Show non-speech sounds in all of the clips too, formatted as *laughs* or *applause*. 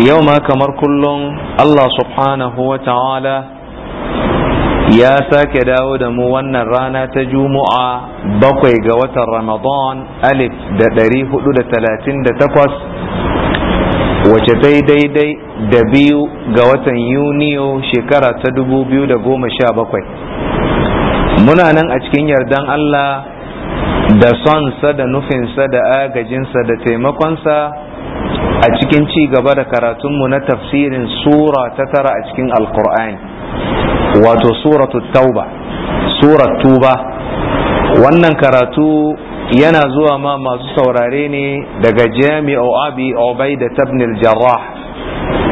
yau ma kamar kullum Allah subhanahu wa ta'ala ya sake dawo da mu wannan rana ta juma'a bakwai ga watan ramadan alif da ɗari hudu da talatin da takwas wace ta daidai da biyu ga watan yuniyo shekara ta dubu biyu da goma sha bakwai muna nan a cikin yardan Allah da sonsa da nufinsa da agajinsa da taimakonsa a cikin ci gaba da karatunmu na tafsirin sura ta tara a cikin alkur'ani wato suratu tauba surat tuba wannan karatu yana zuwa ma masu saurare ne daga jami'u abi obai da tabnil jarrah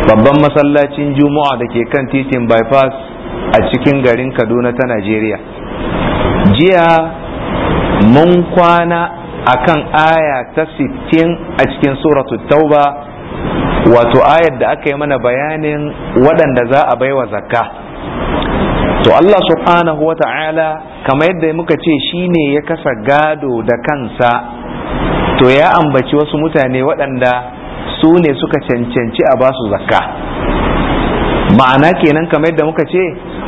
babban masallacin juma'a da ke kan titin bypass a cikin garin kaduna ta najeriya jiya mun kwana akan aya ta 60 a cikin suratu tauba wato ayar da aka yi mana bayanin waɗanda za a baiwa zakka to Allah subhanahu wa ta'ala kamar yadda muka ce shine ya kasa gado da kansa to ya ambaci wasu mutane waɗanda su ne suka cancanci a basu zakka ma'ana kenan kamar yadda muka ce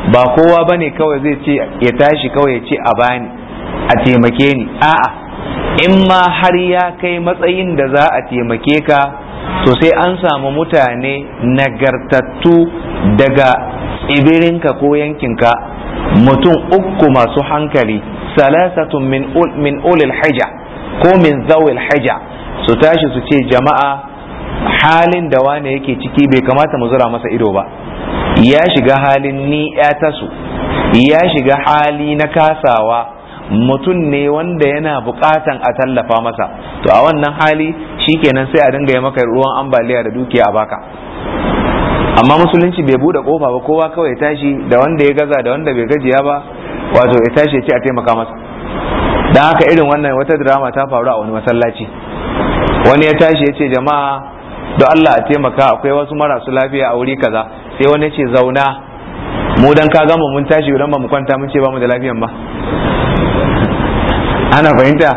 ba kowa bane kawai zai ce ya tashi kawai ya ce a bani a taimake ni a'a in ma har ya kai matsayin da za a taimake ka to sai an samu mutane nagartattu daga tsibirinka ko yankinka mutum uku masu hankali salasatun min ulil hija ko min zawil hija su tashi su ce jama'a halin da wane yake ciki bai kamata mu zura masa ido ba ya shiga halin ni ya tasu ya shiga hali na kasawa mutum ne wanda yana bukatan a tallafa masa to a wannan hali shi shikenan sai a dinga yi maka ruwan ambaliya da dukiya a baka amma musulunci bai bude kofa ba kowa kawai ya tashi da wanda ya gaza da wanda bai gajiya ba wato ya tashi ya ce a taimaka masa dan haka irin wannan wata drama ta faru a wani masallaci wani ya tashi ya ce jama'a don Allah a taimaka akwai wasu marasu lafiya a wuri kaza sai wani ce zauna mu dan ka gama mun tashi idan ba mu kwanta mun ce ba mu da lafiyan ba ana fahimta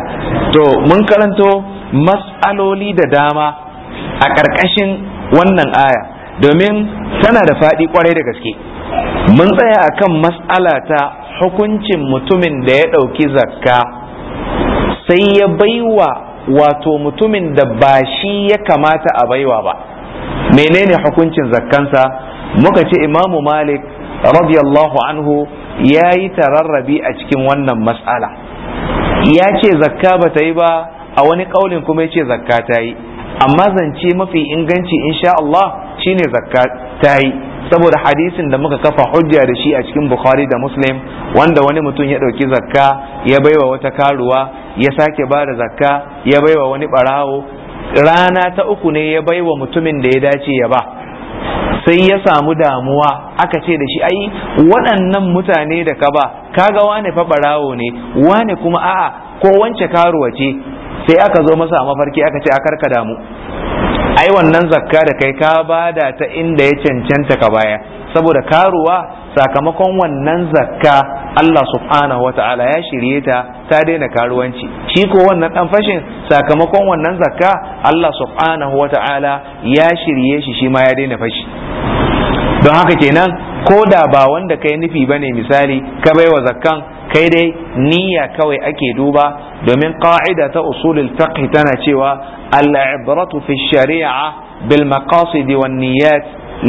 to mun karanto mas'aloli da dama a ƙarƙashin wannan aya domin tana da faɗi kwarai da gaske mun tsaya akan mas'ala ta hukuncin mutumin da ya ɗauki zakka sai ya baiwa wato mutumin da ba shi ya kamata a baiwa ba menene hukuncin zakkansa muka ce imamu malik radiyallahu anhu ya yi tararrabi a cikin wannan mas'ala ya ce zakka ba ta yi ba a wani kaulin kuma ya ce zakka ta yi amma zance mafi inganci insha Allah shine zakka ta yi saboda hadisin da muka kafa hujja da shi a cikin Bukhari da Muslim wanda wani mutum ya ɗauki zakka ya baiwa wata karuwa ya sake ba da zakka ya baiwa wani barawo rana ta uku ne ya baiwa mutumin da ya dace ya ba sai ya samu damuwa aka ce da shi ai waɗannan mutane da ka ba kaga wane fa ne wane kuma a'a ko wance karuwa ce sai aka zo masa mafarki aka ce a karka damu ai wannan zakka da kai ka bada ta inda ya cancanta ka baya saboda karuwa sakamakon wannan zakka Allah subhanahu wa ya shirye ta ta daina karuwanci shi ko wannan dan fashin sakamakon wannan zakka Allah subhanahu wata'ala ya shirye shi shi ma ya daina fashi don haka kenan ko da ba wanda kai nufi bane misali ka baiwa zakkan kai dai niyya kawai ake duba domin ƙa'ida ta usulul fiqh tana cewa al-ibratu fi shari'a bil maqasid wan niyyat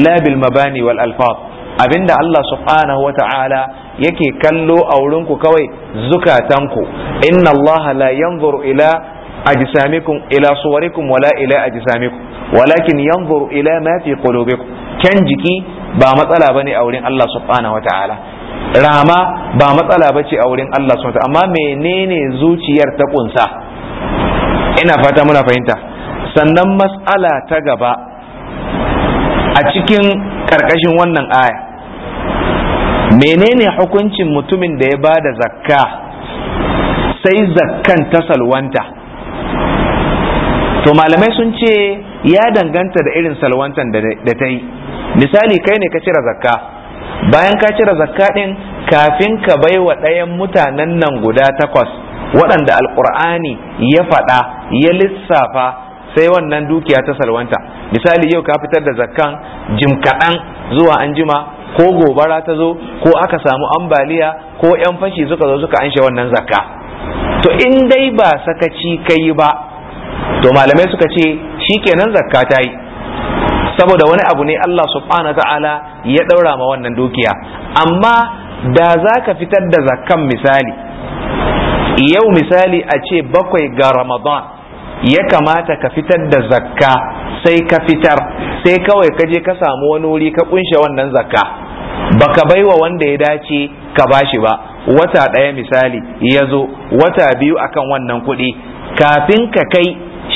la bil mabani wal alfaz abinda Allah subhanahu wa ta'ala yake kallo a wurinku kawai zukatanku inna Allah la yanzuru ila ajsamikum ila suwarikum wala ila ajsamikum walakin yanzuru ila ma fi qulubikum kan jiki ba matsala bane a wurin Allah subhanahu wa ta'ala rama ba matsala bace a wurin Allah subhanahu amma menene zuciyar ta kunsa ina fata muna fahimta sannan mas'ala ta gaba a cikin karkashin wannan aya menene hukuncin mutumin da ya ba da zakka sai zakkan ta salwanta to malamai sun ce ya danganta da irin salwantan da ta yi misali kai ne ka cire zakka bayan ka cire zakka din kafin ka bai wa ɗayan mutanen nan guda takwas waɗanda alƙur'ani ya faɗa ya lissafa sai wannan dukiya ta salwanta misali yau ka fitar da zakkan jim kaɗan zuwa anjima? ko gobara ta zo ko aka samu ambaliya ko 'yan fashi suka zo suka anshe wannan zakka to in dai ba sakaci kai ba to malamai suka ce shi kenan zakka ta yi saboda wani abu ne Allah subhanahu ta'ala ya ɗaura ma wannan dukiya amma da za ka fitar da zakkan misali yau misali a ce bakwai ga ramadan ya kamata ka fitar da zakka sai ka fitar sai kawai ka je ka samu wani wuri ka kunshe wannan zakka baka baiwa wanda ya dace ka bashi ba wata ɗaya misali ya zo wata biyu akan wannan kuɗi kafin ka kai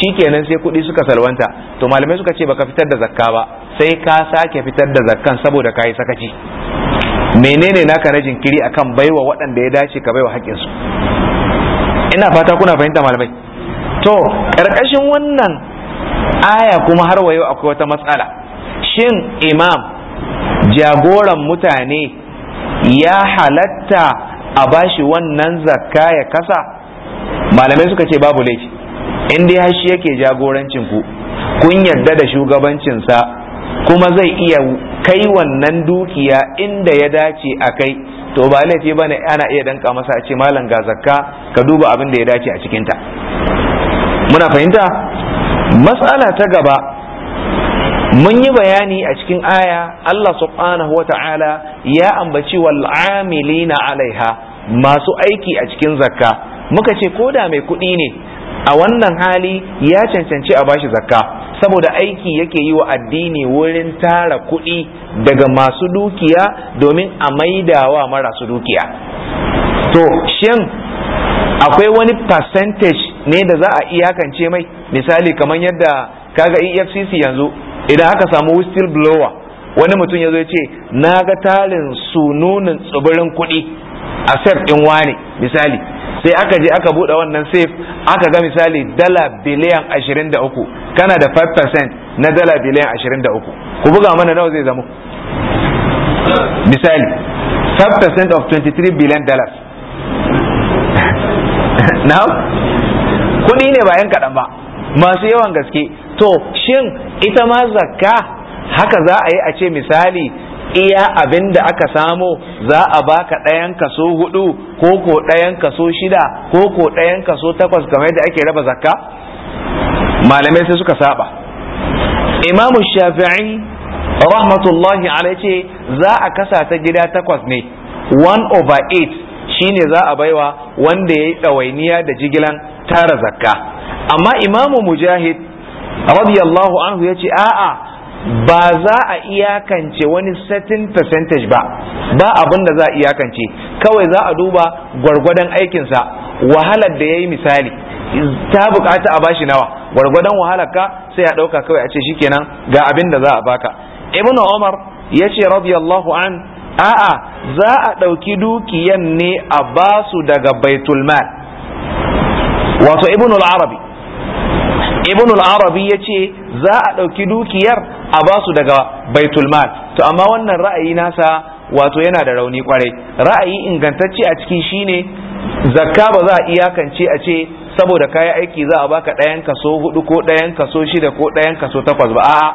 shikenan sai kuɗi suka salwanta to malamai suka ce baka fitar da zakka ba sai ka sake fitar da zakkan saboda kayi sakaci menene naka na jinkiri akan baiwa waɗanda ya dace ka baiwa haƙƙinsu ina fata kuna fahimta malamai to ƙarƙashin wannan aya kuma har wayo akwai wata matsala shin imam jagoran mutane ya halatta a bashi wannan zakka ya kasa malamai suka ce babu laifi in dai har shi yake jagorancin ku kun yarda da shugabancinsa kuma zai iya kai wannan dukiya inda ya dace a kai to ba laifi bane ana iya danka masa a ce malam ga zakka ka duba abin da ya dace a cikinta muna fahimta matsala ta gaba mun yi bayani a cikin aya Allah subhanahu wa ta'ala ya ambaci wal amilina alaiha masu aiki a cikin zakka muka ce ko da mai kuɗi ne a wannan hali ya cancanci a bashi zakka saboda aiki yake yi wa addini wurin tara kuɗi daga masu dukiya domin a maidawa marasu dukiya to shin akwai wani percentage ne da za a iyakance mai misali kamar yadda kaga efcc yanzu idan aka samu whistle blower wani mutum ya zo ya ce na ga tarin sununin tsibirin kuɗi a sef ɗin wane misali sai aka je aka buɗe wannan safe aka ga misali dala biliyan 23 kana da 5% na dala biliyan 23 ku buga mana nawa zai zama misali 5% of 23 billion dollars *laughs* now kuɗi ne ba yan kaɗan ba masu yawan gaske to shin ita ma zakka haka za a yi a ce misali iya abin da aka samo za a baka ɗayan kaso hudu ko ko ɗayan kaso shida ko ko ɗayan kaso takwas game da ake raba zakka malamai sai suka saba imamu shafi'i rahmatullahi alai ce za a kasa ta gida takwas ne one over eight shine za a baiwa wanda ya yi ɗawainiya da jigilan tara zakka amma imamu mujahid radiyallahu anhu ya ce a'a ba za a iyakance wani certain percentage ba ba abin da za a iyakance kawai za a duba gwargwadon aikinsa wahalar da ya yi misali ta bukata a bashi nawa gwargwadon wahalar ka sai a ɗauka kawai a ce shikenan ga abin da za a baka ibn umar ya ce radiyallahu an a'a za a ɗauki dukiyan ne a basu daga baitulmal wato ibn al-arabi ibn al-arabi ya ce za a ɗauki dukiyar a basu daga baitul mal to amma wannan ra'ayi nasa wato yana da rauni kwarai ra'ayi ingantacce a ciki shine zakka ba za a iyakance a ce saboda kayan aiki za a baka ɗayan kaso hudu ko ɗayan kaso shida ko ɗayan kaso takwas ba a'a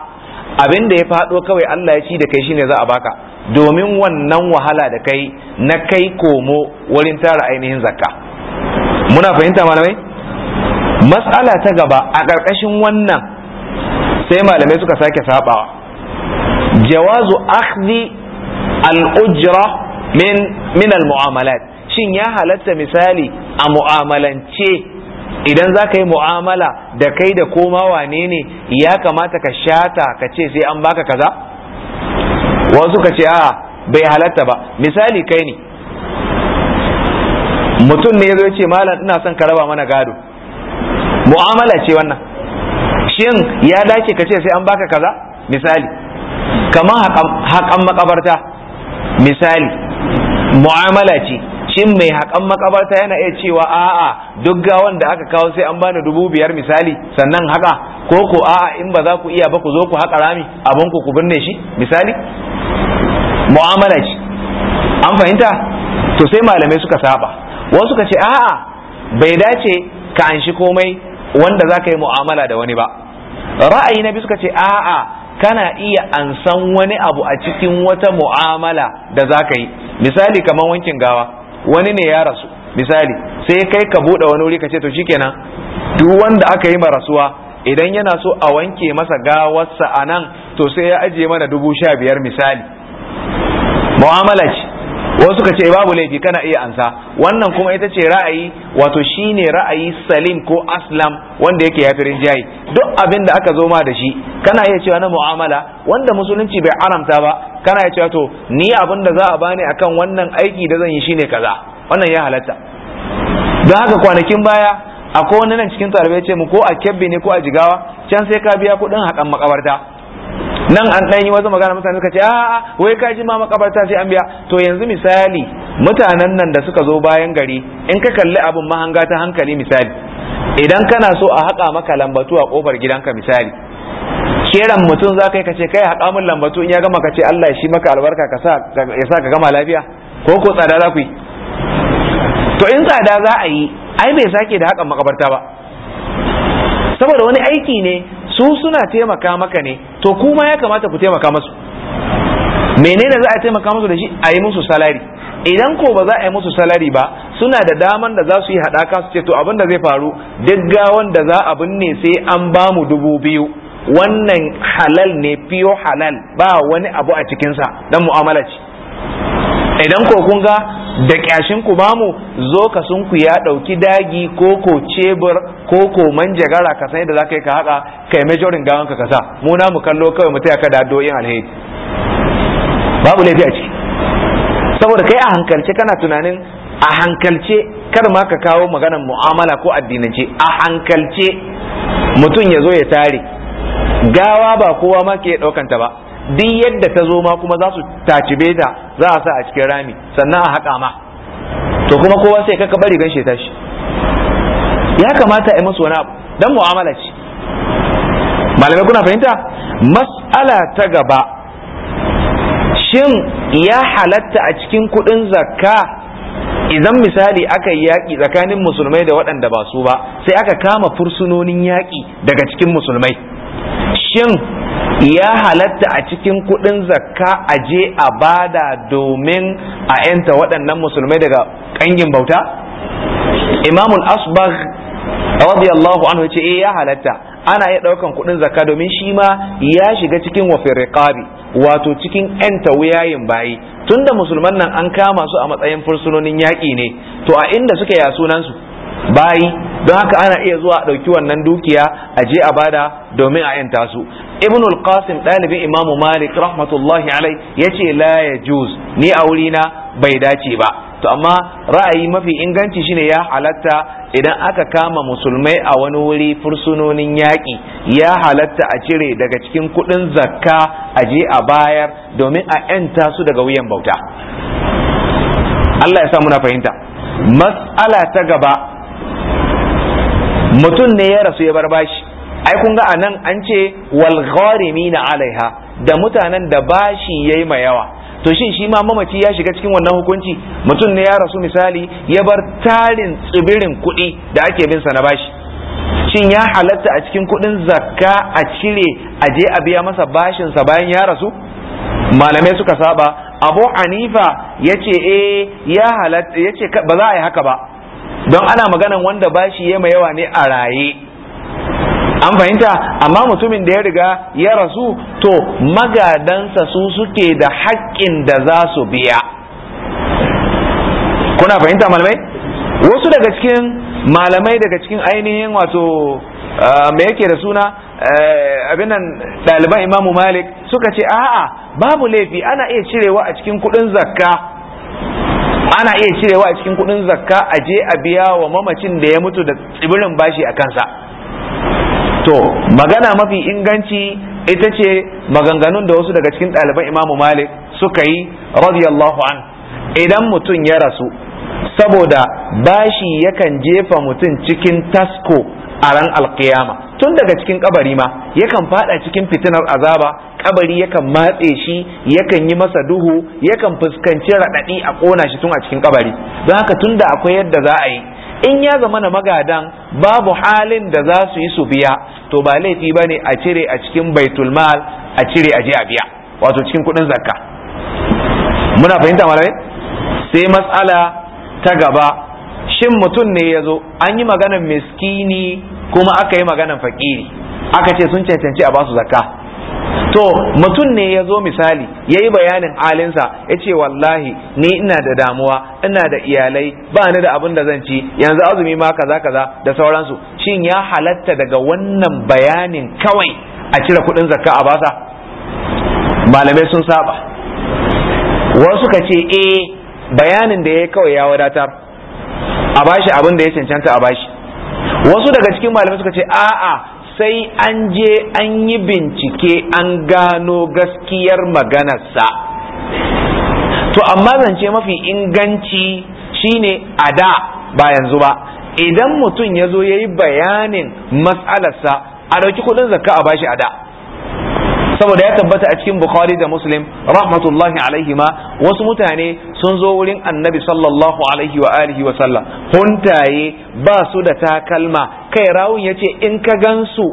abin da ya faɗo kawai Allah ya ci da kai shine za a baka domin wannan wahala da kai na kai komo wurin tara ainihin zakka muna fahimta malamai matsala ta gaba a ƙarƙashin wannan sai malamai suka sake sabawa jawazu akhdhi al-ujra min min al-mu'amalat shin ya halatta misali a mu'amalance idan za ka yi mu'amala da kai da koma wane ne ya kamata ka shata ka ce sai an baka kaza wasu ka ce a bai halatta ba misali kai ne mutum ne ya zo ya ce malam ina son ka raba mana gado mu'amala ce wannan shin ya dace ka ce sai an baka kaza misali kamar haƙan makabarta misali mu'amala ce shin mai haƙan makabarta yana iya cewa a'a duk gawan da aka kawo sai an bani dubu biyar misali sannan haka ko ko a'a in ba za ku iya ba ku zo ku haƙa rami abin ku ku binne shi misali mu'amala ce an fahimta to sai malamai suka saba wasu ka ce a'a bai dace ka anshi komai wanda za ka yi mu'amala da wani ba ra'ayi na biyu suka ce a'a kana iya ansan wani abu a cikin wata mu'amala da za ka yi misali kamar wankin gawa wani ne ya rasu misali sai kai ka buɗe wani wuri ka ce to shi shikenan duk wanda aka yi ma rasuwa idan yana so a wanke masa gawarsa a nan to sai ya ajiye mana dubu sha biyar misali mu'amala ce wasu ka ce babu laifi kana iya ansa wannan kuma ita ce ra'ayi wato shine ra'ayi salim ko aslam wanda yake ya firin jayi duk abin da aka zo ma da shi kana iya cewa na mu'amala wanda musulunci bai haramta ba kana iya cewa to ni abin da za a bani akan wannan aiki da zan yi shine kaza wannan ya halatta don haka kwanakin baya akwai wani nan cikin talibai ce mu ko a kebbi ne ko a jigawa can sai ka biya kuɗin hakan makabarta nan an ɗanyi wasu magana mutane suka ce a'a wai ka ji ma makabarta sai an biya to yanzu misali mutanen nan da suka zo bayan gari in ka kalli abin mahanga ta hankali misali idan kana so a haƙa maka lambatu a ƙofar gidanka misali keran mutum za ka yi kace kai haƙa min lambatu in ya gama kace Allah ya shi maka albarka ka ya sa ka gama lafiya ko ko tsada za ku yi to in tsada za a yi ai bai sake da haƙan makabarta ba saboda wani aiki ne su suna taimaka maka ne to kuma ya kamata ku taimaka masu menene za a taimaka musu da shi a yi musu salari idan ko ba za a yi musu salari ba suna da daman da za su yi haɗaka su ce to abin da zai faru duk gawan da za a binne sai an ba mu dubu biyu wannan halal ne fiyo halal ba wani abu a cikinsa don mu'amala ce idan ko kun ga da ƙyashin ku bamu zo ka sun ku ya ɗauki dagi ko ko cebur ko ko manjagara ka da za zaka yi ka haka kai majorin gawan ka kasa mu na mu kallo kawai mu taya ka da doyin alheri babu laifi a ciki saboda kai a hankalce kana tunanin a hankalce kar ma ka kawo maganar mu'amala ko addinance a hankalce mutum ya zo ya tare gawa ba kowa ma ke ɗaukanta ba duk yadda ta zo ma kuma za su tacibe ta za a sa a cikin rami sannan a haƙa ma to kuma kowa sai kaka bari ganshe ta shi ya kamata a masu wani abu dan mu'amala ce malamai kuna fahimta mas'ala ta gaba shin ya halatta a cikin kuɗin zakka idan misali aka yi yaƙi tsakanin musulmai da waɗanda ba su ba sai aka kama fursunonin yaƙi daga cikin musulmai shin ya halatta a cikin kuɗin zakka a je a bada domin a yanta waɗannan musulmai daga ƙangin bauta imamul asbagh radiyallahu anhu ya ce eh ya halatta ana iya ɗaukan kuɗin zakka domin shi ma ya shiga cikin wafin riqabi wato cikin 'yanta wuyayin bayi tunda musulman nan an kama su a matsayin fursunonin yaƙi ne to a inda suke ya sunansu bayi don haka ana iya zuwa a ɗauki wannan dukiya a je a bada domin a 'yanta su ابن القاسم qasim ɗalibin imamu malik rahmatullahi alai ya ce la juz ni a wurina bai dace ba to amma ra'ayi mafi inganci shine ya halatta idan aka kama musulmai a wani wuri fursunonin yaƙi ya halatta a cire daga cikin kuɗin zakka a je a bayar domin a 'yanta su daga wuyan bauta Allah ya sa muna fahimta mas'ala ta gaba mutum ne ya rasu ya bar bashi ai kun ga anan an ce wal gharimina alaiha da mutanen da bashi yayi ma yawa to shin shi ma mamaci ya shiga cikin wannan hukunci mutum ne ya rasu misali ya bar tarin tsibirin kuɗi da ake bin sa na bashi shin ya halatta a cikin kuɗin zakka a cire a je a biya masa bashin sa bayan ya rasu malamai suka saba abu hanifa ya ce eh ya halatta ya ce ba za a yi haka ba don ana maganan wanda bashi ya ma yawa ne a raye an fahimta amma mutumin da ya riga ya rasu to magadansa su suke da haƙƙin da za su biya kuna fahimta malamai wasu daga cikin malamai daga cikin ainihin wato ah, me yake da suna eh, abin nan ɗaliban imamu malik suka ce a'a babu laifi ana iya cirewa a cikin kuɗin zakka ana iya cirewa a cikin kudin zakka a je a biya wa mamacin da ya mutu da tsibirin bashi a kansa to magana mafi inganci ita ce maganganun da wasu daga cikin ɗaliban imamu malik suka yi radiyallahu an idan mutum ya rasu saboda bashi yakan jefa mutum cikin tasko a ran alkiyama tun daga cikin kabari ma yakan fada cikin fitinar azaba kabari yakan matse shi yakan yi masa duhu yakan fuskanci raɗaɗi a ƙona shi tun a cikin kabari don haka tun da akwai yadda za a yi in ya zama na magadan babu halin da za su yi su biya to ba laifi ba ne a cire a cikin baitul mal a cire a je a biya wato cikin kuɗin zakka muna fahimta malamai sai matsala ta gaba shin mutum ne ya zo an yi maganan miskini kuma aka yi maganan fakiri aka ce sun cancanci a basu zakka to mutum ne ya zo misali ya yi bayanin halinsa ya ce wallahi ni ina da damuwa ina da iyalai ba ni da abin da zan ci yanzu azumi ma kaza kaza da sauransu shin ya halatta daga wannan bayanin kawai a cire kuɗin zakka a basa malamai sun saba wasu ka ce eh bayanin da ya kawai ya wadatar a bashi abin da ya cancanta a bashi wasu daga cikin malamai suka ce a'a sai an je an yi bincike an gano gaskiyar maganarsa to amma zance mafi inganci shine a da ba yanzu ba idan mutum ya zo ya yi bayanin matsalarsa a ɗauki kuɗin zakka a bashi a da saboda ya tabbata a cikin bukhari da muslim rahmatullahi alaihima wasu mutane sun zo wurin annabi sallallahu alaihi wa alihi wa sallam huntaye ba su da takalma kai rawun yace in ka gansu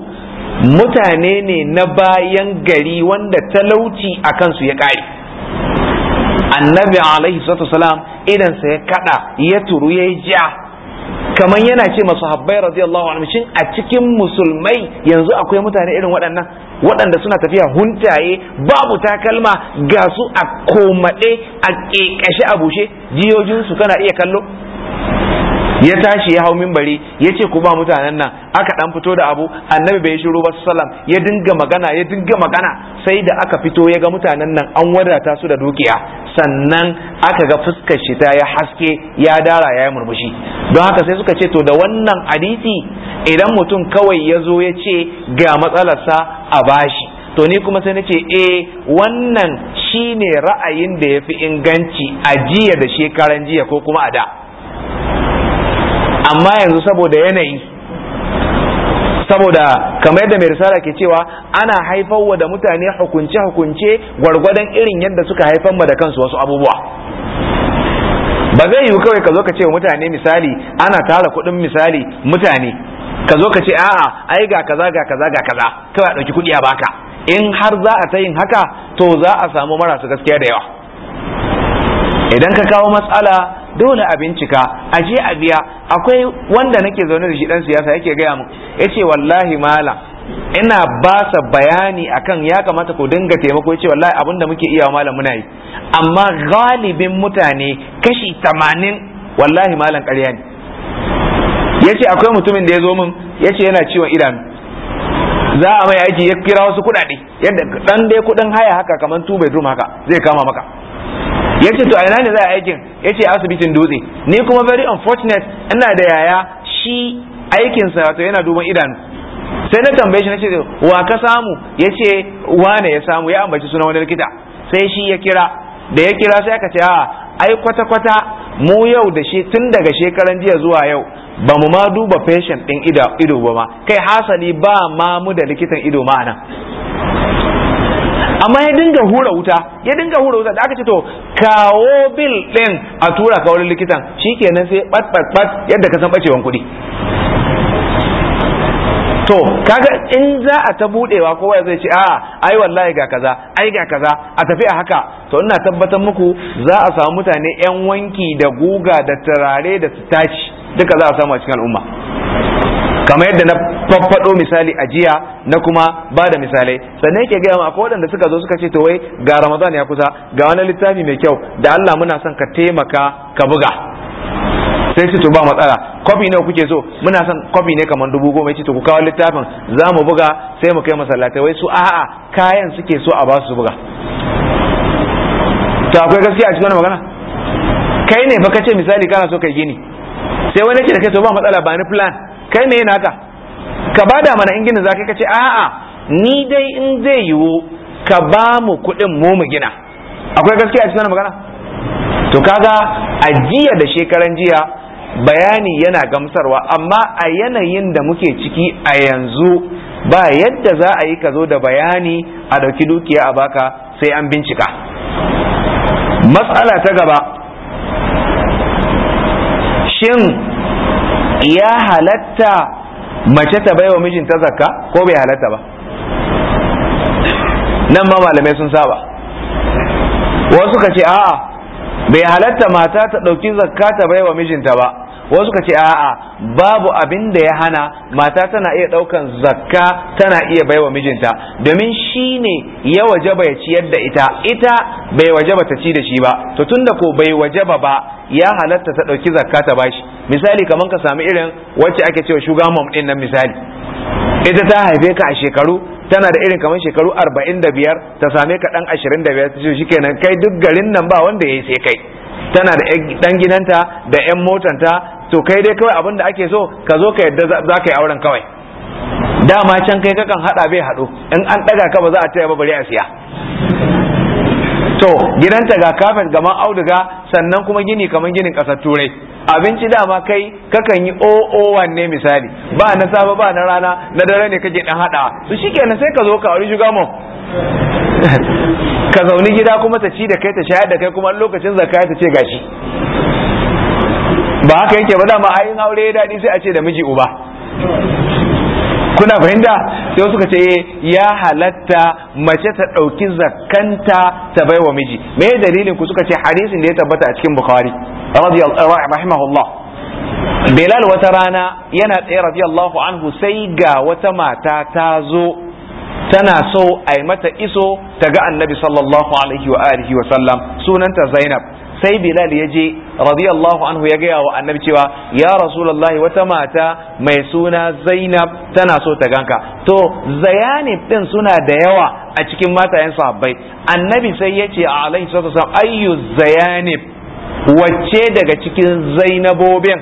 mutane ne na bayan gari wanda talauci a kansu ya kare annabi alaihi salatu salam idansa ya kada ya turu ya ja kamar yana ce masu habbai radiyallahu anhu shin a cikin musulmai yanzu akwai mutane irin waɗannan waɗanda suna tafiya huntaye babu takalma ga su a komaɗe a ƙeƙashe a bushe jiyojinsu kana iya kallo ya tashi ya hau mimbari ya ce ku ba mutanen nan aka dan fito da abu annabi bai shiru ba sallam ya dinga magana ya dinga magana sai da aka fito ya ga mutanen nan an wadata su da dukiya sannan aka ga fuskar shi ta ya haske ya dara ya yi murmushi don haka sai suka ce to da wannan hadisi idan mutum kawai ya zo ya ce ga matsalarsa a bashi to ni kuma sai na ce eh wannan shine ra'ayin da ya fi inganci a jiya da shekaran jiya ko kuma a da amma yanzu saboda yanayi saboda kamar yadda mai risala ke cewa ana haifar wa da mutane hukunce-hukunce gwargwadon irin yadda suka haifar ma da kansu wasu abubuwa ba zai yiwu kawai ka zo ka ce mutane misali ana tara kuɗin misali mutane ka zo ka ce a'a ai ga kaza ga kaza ga kaza kawai a ɗauki kuɗi a baka in har za a ta yin haka to za a samu marasa gaskiya da yawa idan ka kawo matsala dole a bincika a je a biya akwai wanda nake zaune da shi dan siyasa yake gaya mu ce wallahi malam ina ba sa bayani akan ya kamata ku dinga taimako yace wallahi abin da muke iya malam muna yi amma galibin mutane kashi tamanin wallahi malam ƙarya ne yace akwai mutumin da ya zo min yace yana ciwon idanu za a mai aiki ya kira wasu kuɗaɗe yadda ɗan dai kuɗin haya haka kamar two bedroom haka zai kama maka ya ce to a ina ne za a aikin ya ce asibitin dutse ni kuma very unfortunate ina da yaya shi aikinsa wato yana duban idanu sai na tambaye shi na ce wa ka samu ya ce wane ya samu ya ambaci suna wani likita sai shi ya kira da ya kira sai aka ce a ai kwata-kwata mu yau da shi tun daga shekaran jiya zuwa yau ba mu ma duba patient ɗin ido ba ma kai hasali ba ma mu da likitan ido ma nan amma ya dinga hura wuta ya dinga hura wuta da aka ce to kawo bil din a tura ka wurin likitan kenan sai bat bat bat yadda ka san bacewan kuɗi to kaga in za a ta budewa kowa zai ce a ai wallahi ga kaza ai ga kaza a tafi a haka to ina tabbatar muku za a samu mutane yan wanki da guga da turare da sitaci duka za a samu a cikin al'umma kamar yadda na faffado misali a jiya na kuma ba da misalai sannan yake gaya ma akwai waɗanda suka zo suka ce to wai ga ramadan ya kusa ga wani littafi mai kyau da Allah muna son ka taimaka ka buga sai su to ba matsala kofi nawa kuke so muna son kofi ne kamar dubu goma ce to ku kawo littafin za mu buga sai mu kai masallatai wai su a'a kayan suke so a ba su buga to akwai gaskiya a cikin wani magana kai ne baka ce misali kana so kai gini sai wani ce da kai to ba matsala ba ni plan kai me naka ka bada mana in gina zaka kace a'a ni dai in zai yiwu ka ba mu kuɗin mu mu gina akwai gaskiya a cikin magana to kaga a jiya da shekaran jiya bayani yana gamsarwa amma a yanayin da muke ciki a yanzu ba yadda za a yi ka zo da bayani a ɗauki dukiya a baka sai an bincika matsala ta gaba shin ya halatta mace ta baiwa mijinta zakka ko bai halatta ba nan ma malamai sun saba wasu ka ce a'a bai halatta mata ta ɗauki zakka ta baiwa mijinta ba wasu ka ce a'a babu abin da ya hana mata tana iya ɗaukan zakka tana iya baiwa mijinta domin shi ne ya wajaba ya ciyar da ita ita bai wajaba ta ci da shi ba to tunda ko bai wajaba ba ya halatta ta ɗauki zakka ta bashi misali kamar ka sami irin wacce ake cewa shugaban din nan misali ita ta haife ka a shekaru tana da irin kamar shekaru arba'in ta same ka ɗan ashirin da biyar shi kai duk garin nan ba wanda ya yi sai kai tana da ɗan gidanta da 'yan motanta to kai dai kawai abin da ake so ka zo ka yadda za ka yi auren kawai dama can kai kakan haɗa bai haɗo. in an ɗaga ka ba za a taya ba bari a siya to gidanta ga kafin gaman auduga sannan kuma gini kamar ginin kasar turai abinci dama kai kakan yi oo ne misali ba na safe ba na rana na dare ne kake dan haɗawa. su shi kenan sai ka zo ka auri *laughs* ka zauni gida kuma ta ci da kai ta shayar da kai kuma lokacin zakaya ta ce gashi ba haka yake ba dama ayin aure ya daɗi sai a ce da miji uba kuna fahimta sai suka ce eh, ya halatta mace ta ɗauki zakanta ta baiwa miji me dalilin ku suka ce hadisin da ya tabbata a cikin bukhari rahimahullah Bilal wata rana yana tsaye radiyallahu anhu sai ga wata mata ta zo tana so a mata iso ta ga annabi sallallahu alaihi wa alihi wa sallam sunanta Zainab sai bilal ya je radiyallahu anhu ya gaya wa annabi cewa ya rasulullahi wata mata mai suna zainab tana so ta ganka to zayanib din suna da yawa a cikin matayen sahabbai annabi sai ya ce a alaihi salatu wasallam ayyu zayanib wacce daga cikin zainabobin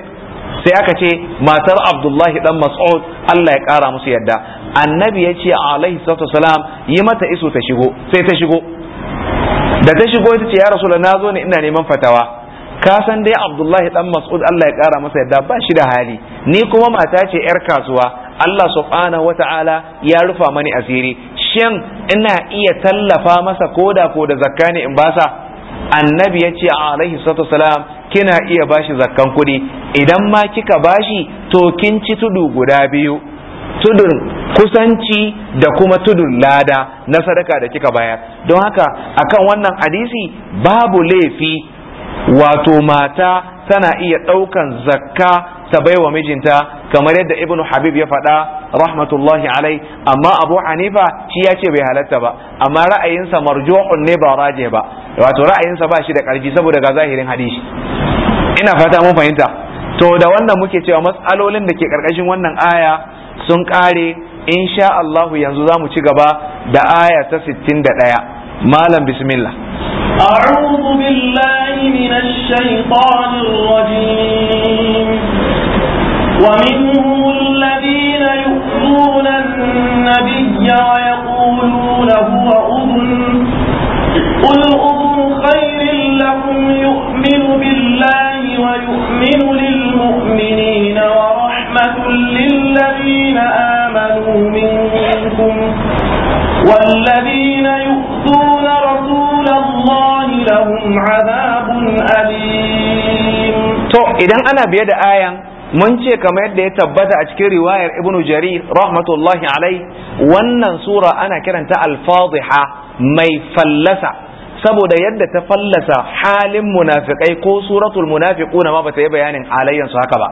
sai aka ce matar abdullahi dan mas'ud Allah ya kara musu yadda annabi ya ce a alaihi salatu wasallam yi mata iso ta shigo sai ta shigo da ta shigo ta ce ya rasu na zo ne ina neman fatawa ka san dai abdullahi dan mas'ud Allah ya kara masa yadda ba shi da hali ni kuma mata ce yar kasuwa Allah subhanahu wata'ala ya rufa mani asiri shin ina iya tallafa masa koda ko da zakka ne in basa annabi ya ce alaihi salatu salam kina iya bashi zakkan kuɗi idan ma kika bashi to kin ci tudu guda biyu tudun kusanci da kuma tudun lada na sadaka da kika bayar don haka akan wannan hadisi babu laifi wato mata tana iya ɗaukan zakka ta baiwa mijinta kamar yadda ibnu habib ya faɗa rahmatullahi alai amma abu hanifa shi ya ce bai halatta ba amma ra'ayinsa marju'un ne ba raje ba wato ra'ayinsa ba shi da karfi saboda ga zahirin hadisi ina fata mun fahimta to da wannan muke cewa matsalolin da ke ƙarƙashin wannan aya sun kare insha Allahu yanzu za mu ci gaba da aya ta 61 malam bismillah أعوذ بالله من الشيطان الرجيم ومنهم الذين idan ana biye da ayan mun ce kamar yadda ya tabbata a cikin riwayar ibnu jarir rahmatullahi alai wannan sura ana kiranta al-fadhiha mai fallasa saboda yadda ta fallasa halin munafikai ko suratul munafiquna ma bata yi bayanin alayyan su haka ba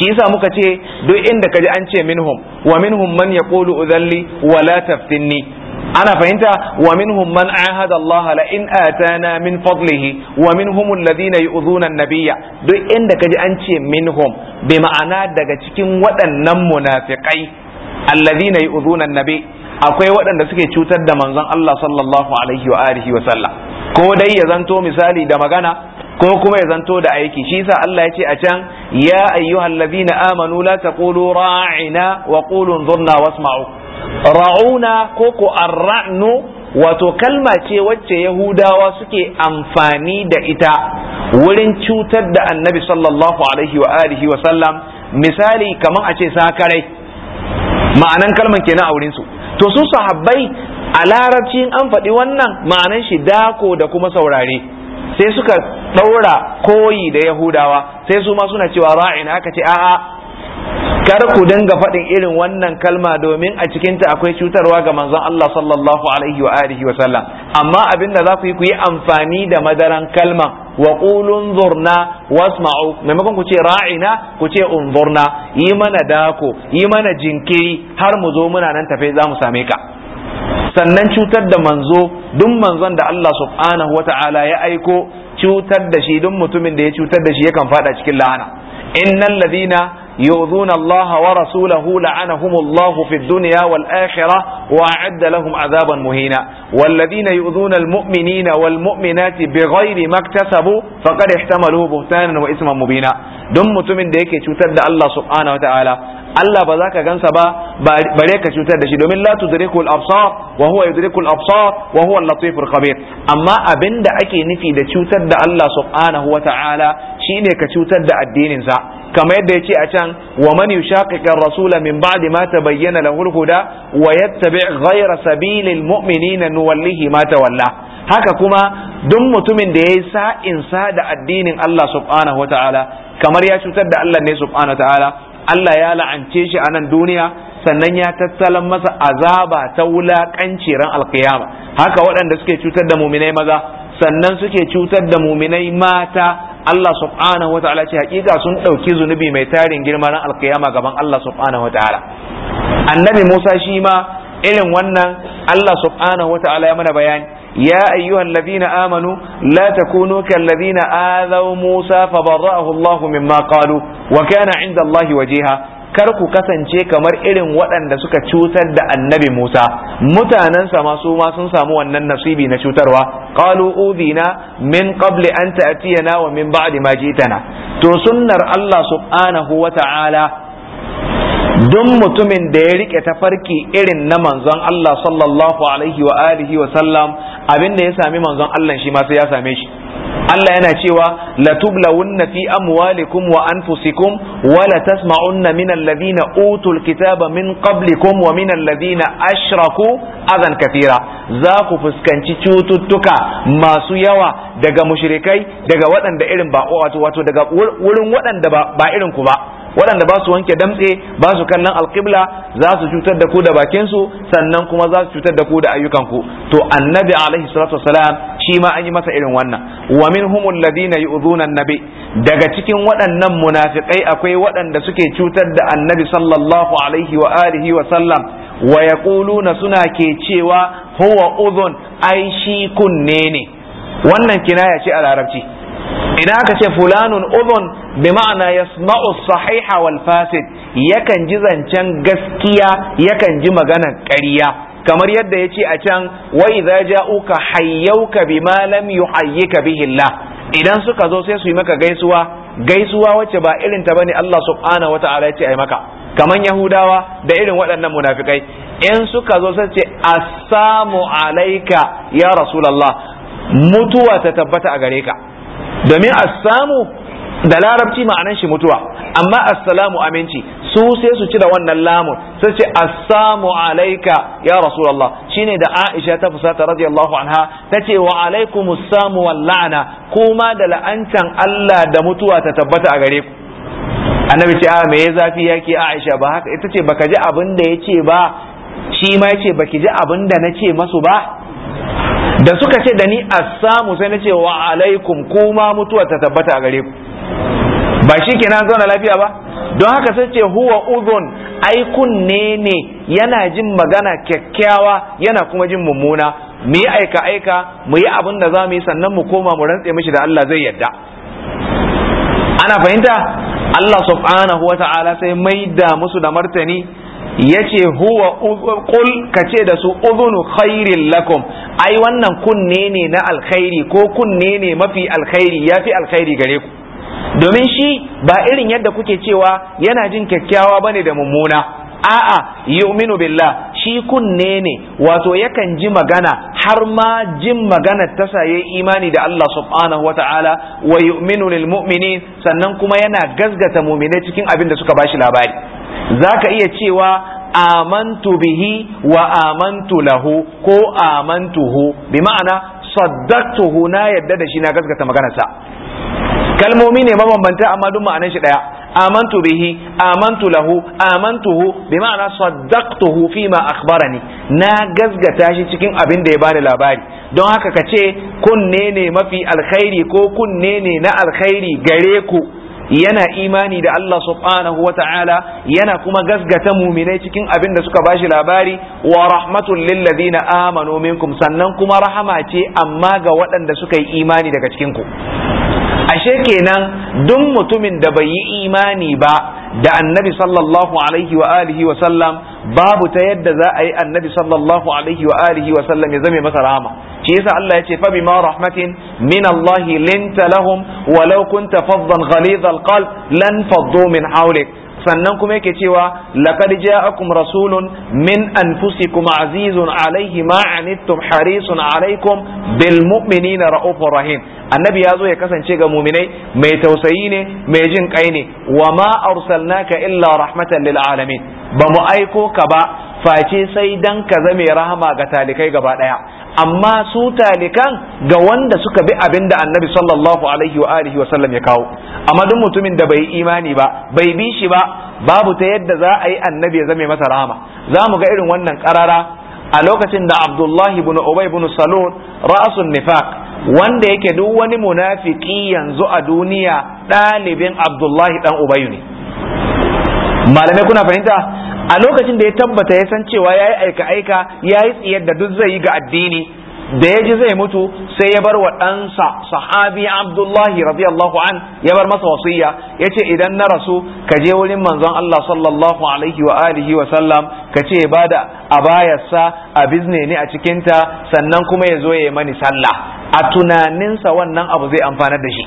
shi yasa muka ce duk inda kaji an ce minhum wa minhum man yaqulu udhalli wa la taftinni ana fahimta wa minhum man ahada Allah la in atana min fadlihi wa minhum alladhina yu'dhuna an-nabiyya duk inda kaji an ce minhum bi ma'ana daga cikin waɗannan munafiqai alladhina yu'dhuna an-nabi akwai waɗanda suke cutar da manzon Allah sallallahu alaihi wa alihi wa sallam ko dai ya zanto misali da magana ko kuma ya zanto da aiki shi yasa Allah ya ce a can ya ayyuhallazina amanu la taqulu ra'ina wa qulu dhunna wasma'u ra'una ko ko arra'nu wato kalma ce wacce yahudawa suke amfani da ita wurin cutar da annabi sallallahu alaihi wa alihi wa sallam misali kamar a ce sakarai ma'anan kalman kenan a wurinsu to su sahabbai a larabci an faɗi wannan ma'anan shi dako da kuma saurare sai suka ɗaura koyi da yahudawa sai su ma suna cewa raina aka ce a'a kar ku dinga faɗin irin wannan kalma domin a cikinta akwai cutarwa ga manzon Allah sallallahu alaihi wa alihi wa sallam amma abinda za ku yi ku yi amfani da madaran kalma wa qulun zurna wasma'u maimakon ku ce ra'ina ku ce unzurna yi mana dako yi mana jinkiri har mu zo muna nan tafe za mu same ka sannan cutar da manzo duk manzon da Allah subhanahu wata'ala ya aiko cutar da shi duk mutumin da ya cutar da shi yakan fada cikin la'ana innal ladina يؤذون الله ورسوله لعنهم الله في الدنيا والآخرة وأعد لهم عذابا مهينا والذين يؤذون المؤمنين والمؤمنات بغير ما اكتسبوا فقد احتملوا بهتانا وإثما مبينا دم متمن da yake cutar da Allah subhanahu wataala Allah ba za ka gansa ba bare ka cutar da shi domin la tudriku al-absar wa huwa yudriku al-absar amma abinda ake nufi da cutar da Allah subhanahu wataala shine ka cutar da addinin sa kama yadda ce a can wa man yushaqiqir rasula min ba'di ma tabayyana lahu al-huda wa yattabi' ghayra sabilil mu'minina nuwallihi ma tawalla haka kuma duk mutumin da yayi sa'in sa da addinin Allah subhanahu wa ta'ala kamar ya cutar da Allah ne subhanahu wa ta'ala Allah ya la'ance shi a nan duniya sannan ya tattalan masa azaba ta wulaƙanci ran alkiyama haka waɗanda suke cutar da muminai maza sannan suke cutar da muminai mata Allah subhanahu wataala ce hakika sun ɗauki zunubi mai tarin girma ran alkiyama gaban Allah subhanahu wataala annabi Musa shi ma irin wannan Allah subhanahu wataala ya mana bayani يا أيها الذين آمنوا لا تكونوا كالذين آذوا موسى min الله مما wa وكان inda الله وجيها kar ku kasance kamar irin waɗanda suka cutar da annabi Musa mutanensa ma su ma sun samu wannan nasibi na cutarwa qalu udina min qabli an ta'tiyana wa min ba'di ma ji'tana to sunnar Allah subhanahu wa ta'ala don mutumin da ya rike tafarki irin na manzon Allah sallallahu alaihi wa alihi wa sallam abin da ya sami manzon Allah shi ma sai ya same shi Allah yana cewa latublawunna fi amwalikum wa anfusikum wa la tasma'unna min alladhina utul kitaba min qablikum wa min alladhina ashraku azan kathira za ku fuskanci cututtuka masu yawa daga mushrikai daga waɗanda irin ba wato wato daga wurin waɗanda ba irin ku ba waɗanda ba su wanke damtse ba su kallon alƙibla za su cutar da ku da bakin su sannan kuma za su cutar da ku da ayyukan ku to annabi alaihi salatu wasalam shi ma an yi masa irin wannan wa minhum alladhina yu'dhuna annabi daga cikin waɗannan munafiqai akwai waɗanda suke cutar da annabi sallallahu alaihi wa alihi wa sallam wa yaquluna suna ke cewa huwa udhun ai shi kunne ne wannan kinaya ce a larabci idan aka ce fulanun uzun bi ma'ana yasma'u sahiha wal fasid yakan ji zancen gaskiya yakan ji maganar ƙarya kamar yadda ya ce a can wa idza ja'uka hayyauka bima lam yuhayyika bihi Allah idan suka zo sai su yi maka gaisuwa gaisuwa wacce ba irin ta bane Allah subhanahu wata'ala ya ce ai maka Kamar Yahudawa da irin waɗannan munafikai in suka zo sai ce assalamu alayka ya rasulullah mutuwa ta tabbata a gare ka domin assamu da larabci ma'anan shi mutuwa amma assalamu aminci su sai su ci da wannan lamun sai ce assamu alaika ya rasulullah shine da aisha ta fusata radiyallahu anha tace wa alaikumus samu wal la'ana kuma da la'antan Allah da mutuwa ta tabbata a gare ku annabi ce a me ya zafi yake aisha ba haka ita ce baka ji abin da yace ba shi ma yace baki ji abin da nace masu ba da suka ce da ni assamu sai na ce wa alaikum kuma mutuwa ta tabbata a gare ku ba shi ke kenan zauna lafiya ba don haka sai ce huwa uzun ai kunne ne yana jin magana kyakkyawa yana kuma jin mummuna mu yi aika aika mu yi abin da za mu yi sannan mu koma mu rantse mishi da Allah zai yadda ana fahimta Allah subhanahu wa ta'ala sai maida musu da martani yace huwa qul kace da su udhunu khairin lakum ai wannan kunne ne na alkhairi ko kunne ne mafi alkhairi yafi alkhairi gare ku domin shi ba irin yadda kuke cewa yana jin kyakkyawa bane da mummuna a'a yu'minu billah shi kunne ne wato yakan ji magana har ma jin magana ta saye imani da Allah subhanahu wata'ala wa yu'minu lil mu'minin sannan kuma yana gazgata mu'mine cikin abin da suka bashi labari Za ka iya cewa amantu bihi wa amantu lahu ko amantuhu bi ma'ana hu na yadda da shi na gaskata maganarsa kalmomi ne mabambanta amma duk ma'anar shi daya amantu bihi amantu lahu amantuhu bi ma'ana fi ma akhbarani na gaskata shi cikin abin da ya bani labari don haka ka ce kunne ne mafi alkhairi ko kunne ne na alkhairi gare ku yana imani da Allah subhanahu wata'ala yana kuma gasgata muminai cikin abin da suka bashi labari wa rahmatul lillazina amanu minkum sannan kuma rahama ce amma ga waɗanda suka yi imani daga cikin ku ashe kenan duk mutumin da bai yi imani ba da annabi sallallahu alaihi wa alihi wa sallam babu ta yadda za a yi annabi sallallahu alaihi wa alihi wa sallam ya zame masa rahama shi yasa Allah ya ce fa bima rahmatin min Allah linta lahum walau kunta faddan ghalidha alqalb lan faddu min hawlik sannan kuma yake cewa laqad ja'akum rasulun min anfusikum azizun alayhi ma anittum harisun alaykum bil mu'minina raufur rahim annabi ya zo ya kasance ga muminai mai tausayi ne mai jin kai ne wa ma arsalnaka illa rahmatan lil alamin ba mu aiko ka ba face sai dan ka zame rahama ga talikai gaba daya amma su talikan ga wanda suka bi abin da annabi sallallahu alaihi wa alihi wa sallam ya kawo amma duk mutumin da bai imani ba bai bi shi ba babu ta yadda za a yi annabi ya zame masa rahama za mu ga irin wannan karara a lokacin da abdullahi ibn ubay ibn salul ra'asun nifaq wanda yake duk wani munafiki yanzu a duniya ɗalibin abdullahi dan ubay ne malamai kuna fahimta a lokacin da ya tabbata ya san cewa ya yi aika aika ya yi tsiyar da duk zai yi ga addini da ya ji zai mutu sai ya bar wa ɗansa sahabi abdullahi radiyallahu an ya bar masa wasiya ya ce idan na rasu ka je wurin manzon Allah sallallahu alaihi wa alihi wa sallam ka ce ya bada a a bizne ne a cikinta sannan kuma ya zo ya yi mani sallah a tunaninsa wannan abu zai amfanar da shi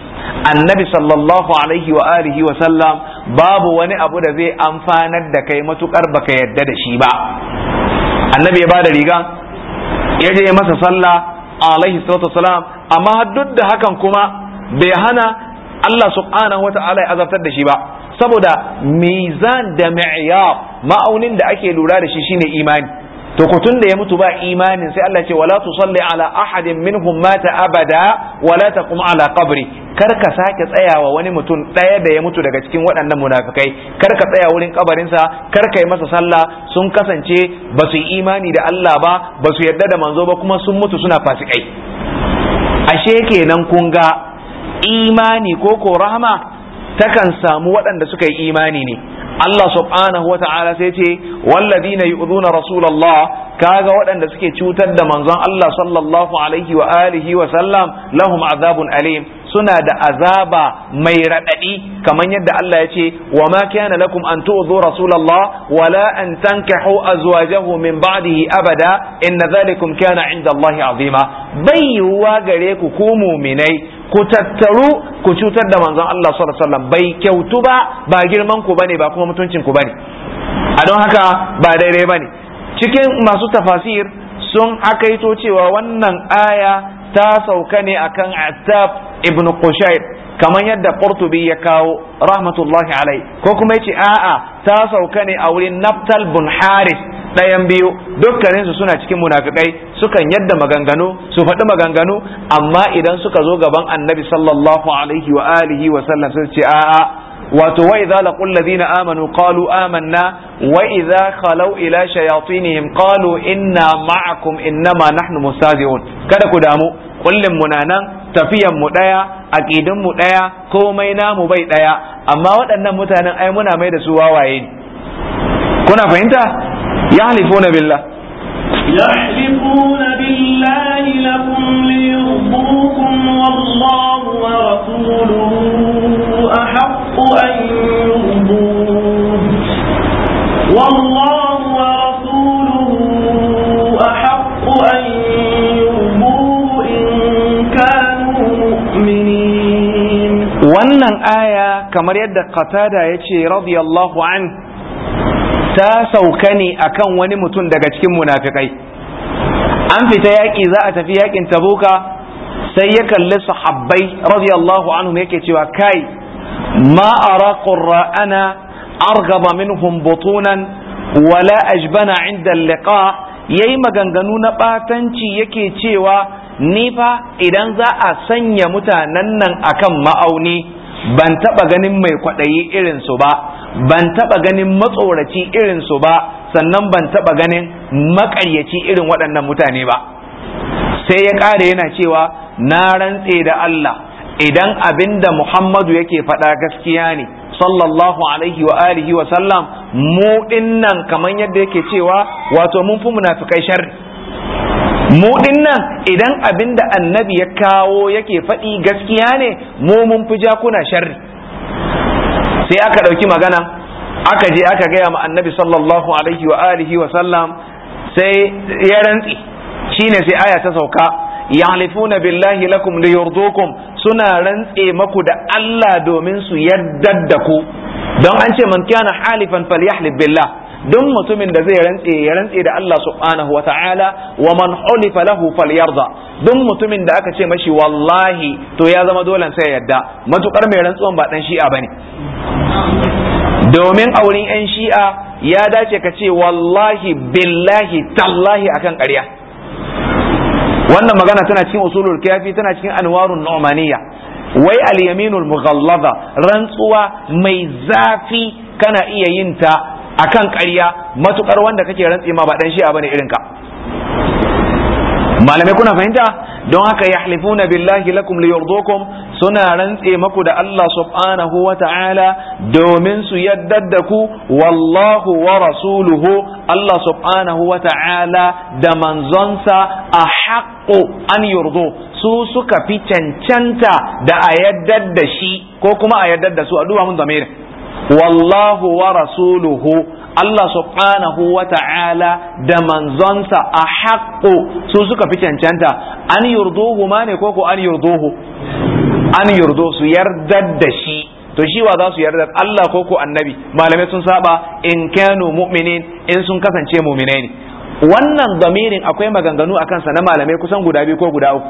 annabi sallallahu alaihi wa alihi wa sallam babu wani abu da zai amfanar da kai matukar baka yarda da shi ba annabi ya bada riga ya je masa sallah alaihi salatu wasalam amma duk da hakan kuma bai hana Allah subhanahu wa ta'ala ya azabtar da shi ba saboda mizan da mi'yar ma'aunin da ake lura da shi shine imani to ko tun da ya mutu ba imanin sai Allah ce wala salli ala ahadin minhum mata abada wala taqum ala qabri kar ka sake tsayawa wani mutum ɗaya da ya mutu daga cikin waɗannan munafikai kar ka tsaya wurin kabarinsa kar ka masa sallah sun kasance ba su yi imani da Allah ba ba su yarda da manzo ba kuma sun mutu suna fasikai ashe kenan kun ga imani ko ko rahma? takan samu waɗanda suka yi imani ne Allah subhanahu wa ta'ala sai ce walladina yu'dhuna rasulullah kaga waɗanda suke cutar da manzon Allah sallallahu alaihi wa alihi wa sallam lahum azabun alim suna da azaba mai raɗaɗi kamar yadda Allah ya ce wa ma kana lakum an tu'dhu rasulullah wala an tankahu azwajahu min ba'dihi abada inna zalikum kana 'inda Allah azima bai yuwa gare ku ku mu'minai ku tattaru ku cutar da manzon Allah sallallahu alaihi wasallam bai kyautu ba ba girman ku bane ba kuma mutuncin ku bane a don haka ba daidai bane cikin masu tafasir sun akaito cewa wannan aya ta sauka ne akan Attab ibn Qushayr kamar yadda Qurtubi ya kawo rahmatullahi alai ko kuma yace a'a ta sauka ne a wurin Naftal bin Haris ɗayan biyu dukkanin su suna cikin munafikai sukan yadda maganganu su faɗi maganganu amma idan suka zo gaban Annabi sallallahu alaihi wa alihi wa sallam sai ce a'a wato wa idza laqul ladina amanu qalu amanna wa idza khalau ila shayatinihim qalu inna ma'akum innama nahnu mustahzi'un kada ku damu kullum mu nan tafiyan mu daya aqidin mu daya komai namu bai daya amma waɗannan mutanen ai muna mai da su wawaye ne kuna fahimta Ya halifuna billah yahlifuna billahi lakum liyurdukum wallahu wa rasuluhu ahq أن يرضوه والله ورسوله أحق أن يرضوه إن كانوا مؤمنين wannan aya kamar yadda qatada yace radiyallahu an ta sauka ne akan wani mutum daga cikin munafikai an fita yaƙi za a tafi yaƙin tabuka sai ya kalli sahabbai radiyallahu anhum yake cewa kai ما أرى قراءنا أرغب منهم بطونا ولا أجبن عند اللقاء yayi maganganu na ɓatanci yake cewa ni fa idan za a sanya mutanen nan akan ma'auni ban taɓa ganin mai kwaɗayi irinsu ba ban taɓa ganin matsoraci irinsu ba sannan ban taɓa ganin maƙaryaci irin waɗannan mutane ba sai ya ƙara yana cewa na rantse da Allah idan abin da Muhammadu yake faɗa gaskiya ne sallallahu alaihi wa alihi wa sallam mu dinnan kaman yadda yake cewa wato mun fi munafikai sharri mu dinnan idan abin da annabi ya kawo yake faɗi gaskiya ne mu mun fi jakuna sharri sai aka ɗauki magana aka je aka gaya ma annabi sallallahu alaihi wa alihi wa sallam sai ya rantsi shine sai aya ta sauka ya'lifuna billahi lakum liyurdukum suna rantse maku da Allah domin su yadda da ku don an ce man kana halifan falyahlib billah duk mutumin da zai rantse ya rantse da Allah subhanahu wa ta'ala wa man hulifa lahu falyarda duk mutumin da aka ce mashi wallahi to ya zama dole sai yadda matukar mai rantsuwan ba dan shi'a bane domin auren yan shi'a ya dace ka ce wallahi billahi tallahi akan ƙarya wannan magana tana cikin usulul kiyafi tana cikin anwarun nu'maniyya wai al-yaminul mughallada rantsuwa mai zafi kana iya yin ta akan ƙarya matukar wanda kake rantsi ma ba dan shi'a bane irin ka malamai kuna fahimta don haka yahlifuna billahi lakum liyurdukum suna rantse maku da Allah subhanahu wa ta'ala domin su yadda da ku wallahu wa rasuluhu Allah subhanahu wa ta'ala da manzonsa a haƙo an yurdu su suka fi cancanta da a yadda da shi ko kuma a yadda da su a duba mun zamir wallahu wa rasuluhu Allah subhanahu wa ta'ala da manzonsa a haƙo su suka fi cancanta an yurduhu ma ne koko an yurduhu an yurdo su yardar da shi to shi wa za su yarda Allah ko annabi malamai sun saba in kanu mu'minin in sun kasance mu'minai ne wannan damirin akwai maganganu akan sa na malamai kusan guda biyu ko guda uku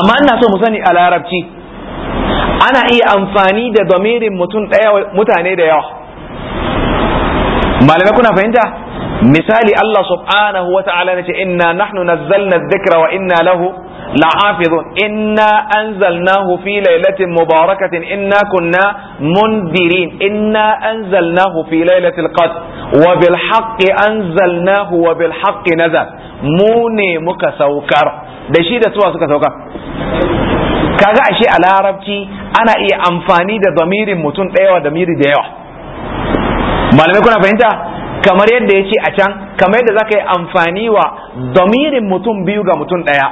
amma ina so mu sani a larabci ana iya amfani da damirin mutum ɗaya mutane da yawa malamai kuna fahimta misali Allah subhanahu wa ta'ala ya inna nahnu nazzalna dhikra wa inna lahu la'afizun inna anzalnahu fi lailatin mubarakatin inna kunna mundirin inna anzalnahu fi lailatul qadr wa bil haqqi anzalnahu wa bil haqqi nazal mu ne muka saukar da shi da suwa suka saukar kaga ashe a larabci ana iya amfani da zamirin mutum ɗaya wa zamiri da yawa malamai kuna fahimta kamar yadda ya ce a can kamar yadda za ka yi amfani wa domirin mutum biyu ga mutum ɗaya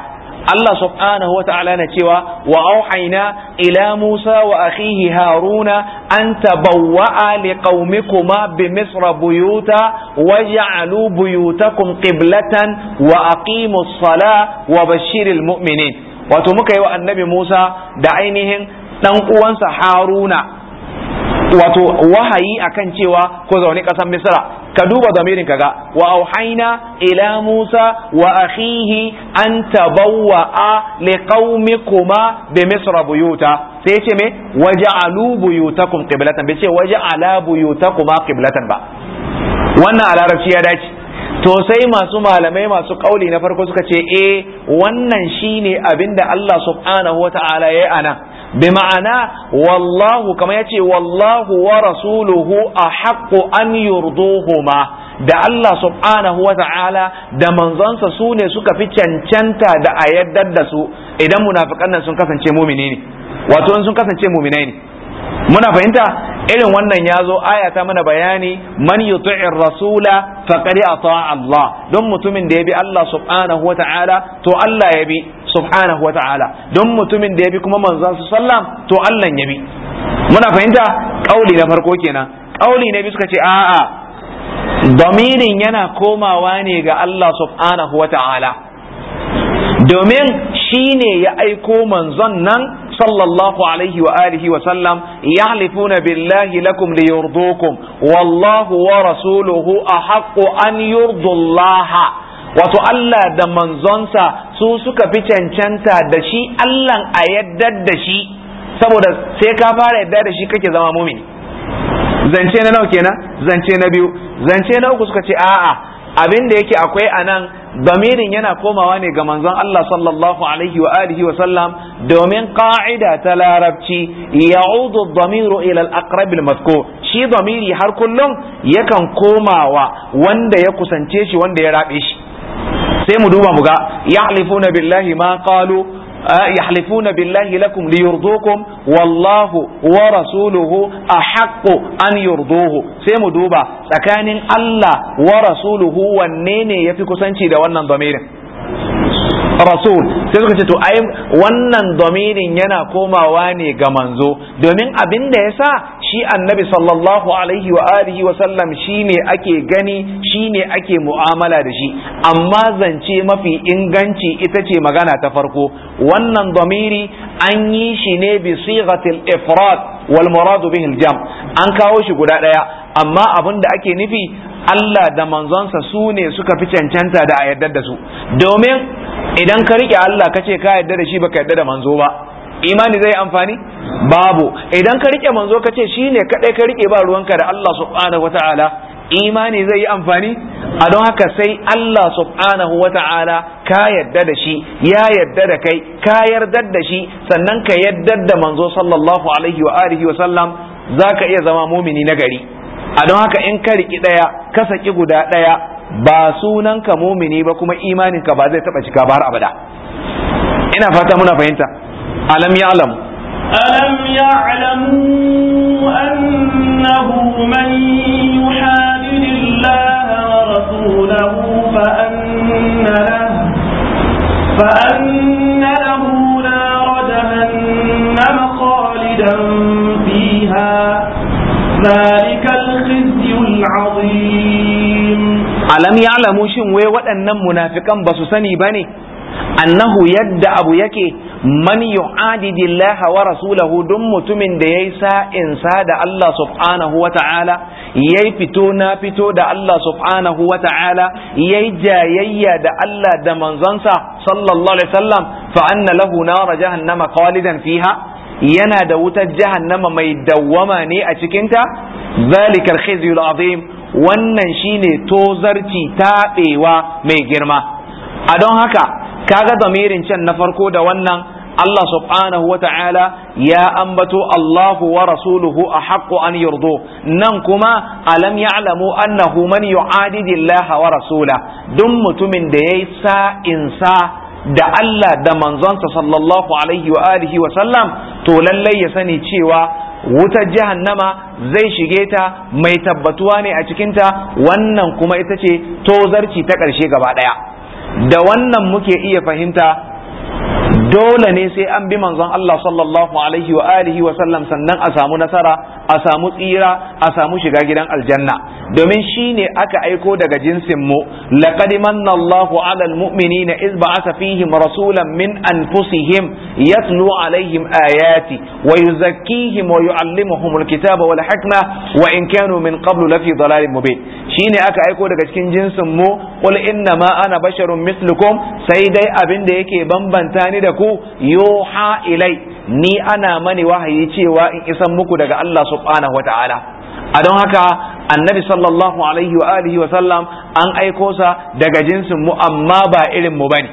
Allah subhanahu wa ta'ala na cewa wa auhayna ila Musa wa akhihi Haruna an tabawwa'a liqaumikuma bi Misr buyuta waj'alu buyutakum qiblatan wa aqimus sala wa bashiril mu'minin wato muka yi wa annabi Musa da ainihin dan uwansa Haruna wato wahayi akan cewa ko zaune kasan misra ka duba zamirin kaga wa auhaina ila musa wa akhihi an tabawwa'a liqaumikuma bi misra buyuta sai yace me waja'alu buyutakum qiblatan bai ce waja'ala buyutakuma qiblatan ba wannan a larabci ya dace to sai masu malamai masu kauli na farko suka ce eh wannan shine abinda Allah subhanahu wata'ala yayi anan bi ma'ana wallahu kama yace wallahu wa rasuluhu ahaqqu an yurduhuma da Allah subhanahu wa ta'ala da manzonsa su ne suka fi cancanta da a yaddar da su idan munafikan nan sun kasance mumine ne wato sun kasance muminai ne muna fahimta irin wannan ya zo aya ta mana bayani man yuti'ir rasula faqad ata Allah don mutumin da ya bi Allah subhanahu wa ta'ala to Allah ya bi subhanahu wa ta'ala don mutumin da ya bi kuma manzon su sallam to Allah ya bi muna fahimta kauli na farko kenan kauli na biyu suka ce a'a Daminin yana komawa ne ga Allah subhanahu wa ta'ala domin shi ne ya aiko manzon nan sallallahu alaihi wa alihi wa sallam yahlifuna billahi lakum liyurdukum wallahu wa rasuluhu ahaqqu an yurdullaha wato Allah da manzonsa su suka fi cancanta da shi Allah a yadda da shi saboda sai ka fara yadda da shi kake zama mumin. zance na nawa kenan zance na biyu zance na uku suka ce a'a abin da yake akwai a nan damirin yana komawa ne ga manzon Allah sallallahu alaihi wa alihi wa sallam domin qa'ida ta larabci ya'udu damiru ila al-aqrab al-madhkur shi damiri har kullum yakan komawa wanda ya kusance shi wanda ya rabe shi sai mu duba mu ga yahlifuna billahi ma qalu yahlifuna billahi lakum liyurdukum wallahu wa rasuluhu ahaqqu an yurduhu sai mu duba tsakanin Allah wa rasuluhu wanne ne yafi kusanci da wannan domirin rasul sai suka ce to ai wannan domirin yana komawa ne ga manzo domin abin da sa shi annabi sallallahu alaihi wa alihi wa sallam shine ake gani shine ake mu'amala da shi amma zance mafi inganci ita ce magana ta farko wannan damiri an yi shi ne bi sighatil ifrat wal muradu bihi jam an kawo shi guda daya amma abin da ake nufi Allah da manzonsa su ne suka fi cancanta da a yarda da su domin idan ka rike Allah ka ce ka yarda da shi baka yarda da manzo ba imani zai amfani babu idan ka rike manzo ka ce shine kadai ka rike ba ruwanka da Allah subhanahu wataala imani zai yi amfani a don haka sai Allah subhanahu wataala ka yadda da shi ya yadda da kai ka yarda da shi sannan ka yadda da manzo sallallahu alaihi wa alihi wa sallam zaka iya zama mumini na gari a don haka in ka riki daya ka saki guda daya ba sunanka mumini ba kuma imaninka ba zai taba cika ba har abada ina fata muna fahimta ألم يعلم ألم يعلموا أنه من يحادد الله ورسوله فأن له فأن له نار جهنم خالدا فيها ذلك الخزي العظيم ألم يعلموا شنو وي ودنن منافقان بسو سني بني annahu yadda abu yake man yu'adidi Allah wa rasulahu duk mutumin da yayi sa'insa da Allah subhanahu wa ta'ala yayi fito na fito da Allah subhanahu wa ta'ala yayi jayayya da Allah da manzansa sallallahu alaihi wasallam fa anna lahu nar jahannama khalidan fiha yana da wutar jahannama mai dawwama ne a cikinta zalikal khizyul azim wannan shine tozarci taɓewa mai girma a don haka kaga damirin can na farko da wannan Allah subhanahu wa ta'ala ya ambato Allahu wa rasuluhu a haƙƙo an yurdo nan kuma alam ya ya'lamu annahu man yu'adidillaha wa rasula duk mutumin da ya yayi sa'insa da Allah da manzonsa sallallahu alaihi wa alihi wa sallam to lallai ya sani cewa wutar jahannama zai shige ta mai tabbatuwa ne a cikinta wannan kuma ita ce tozarci ta ƙarshe gaba ɗaya da wannan muke iya fahimta dole ne sai an bi manzon Allah sallallahu alaihi wa alihi wa sallam sannan a samu nasara a samu tsira a samu shiga gidan aljanna domin shine aka aiko daga jinsin mu laqad manna Allahu alal mu'minina iz ba'atha fihim rasulan min anfusihim yatlu alaihim ayati wa yuzakkihim wa yu'allimuhum alkitaba wal hikma wa in kanu min qablu lafi dhalalin mubin shine aka aiko daga cikin jinsin mu qul inna ma ana basharun mislukum sai dai abin da yake bambanta ni da ku yuha ilai ni ana mani wahayi cewa in isan muku daga Allah subhanahu wa ta'ala a don haka annabi sallallahu alaihi wa alihi wa sallam an aiko sa daga jinsin mu amma ba irin mu bane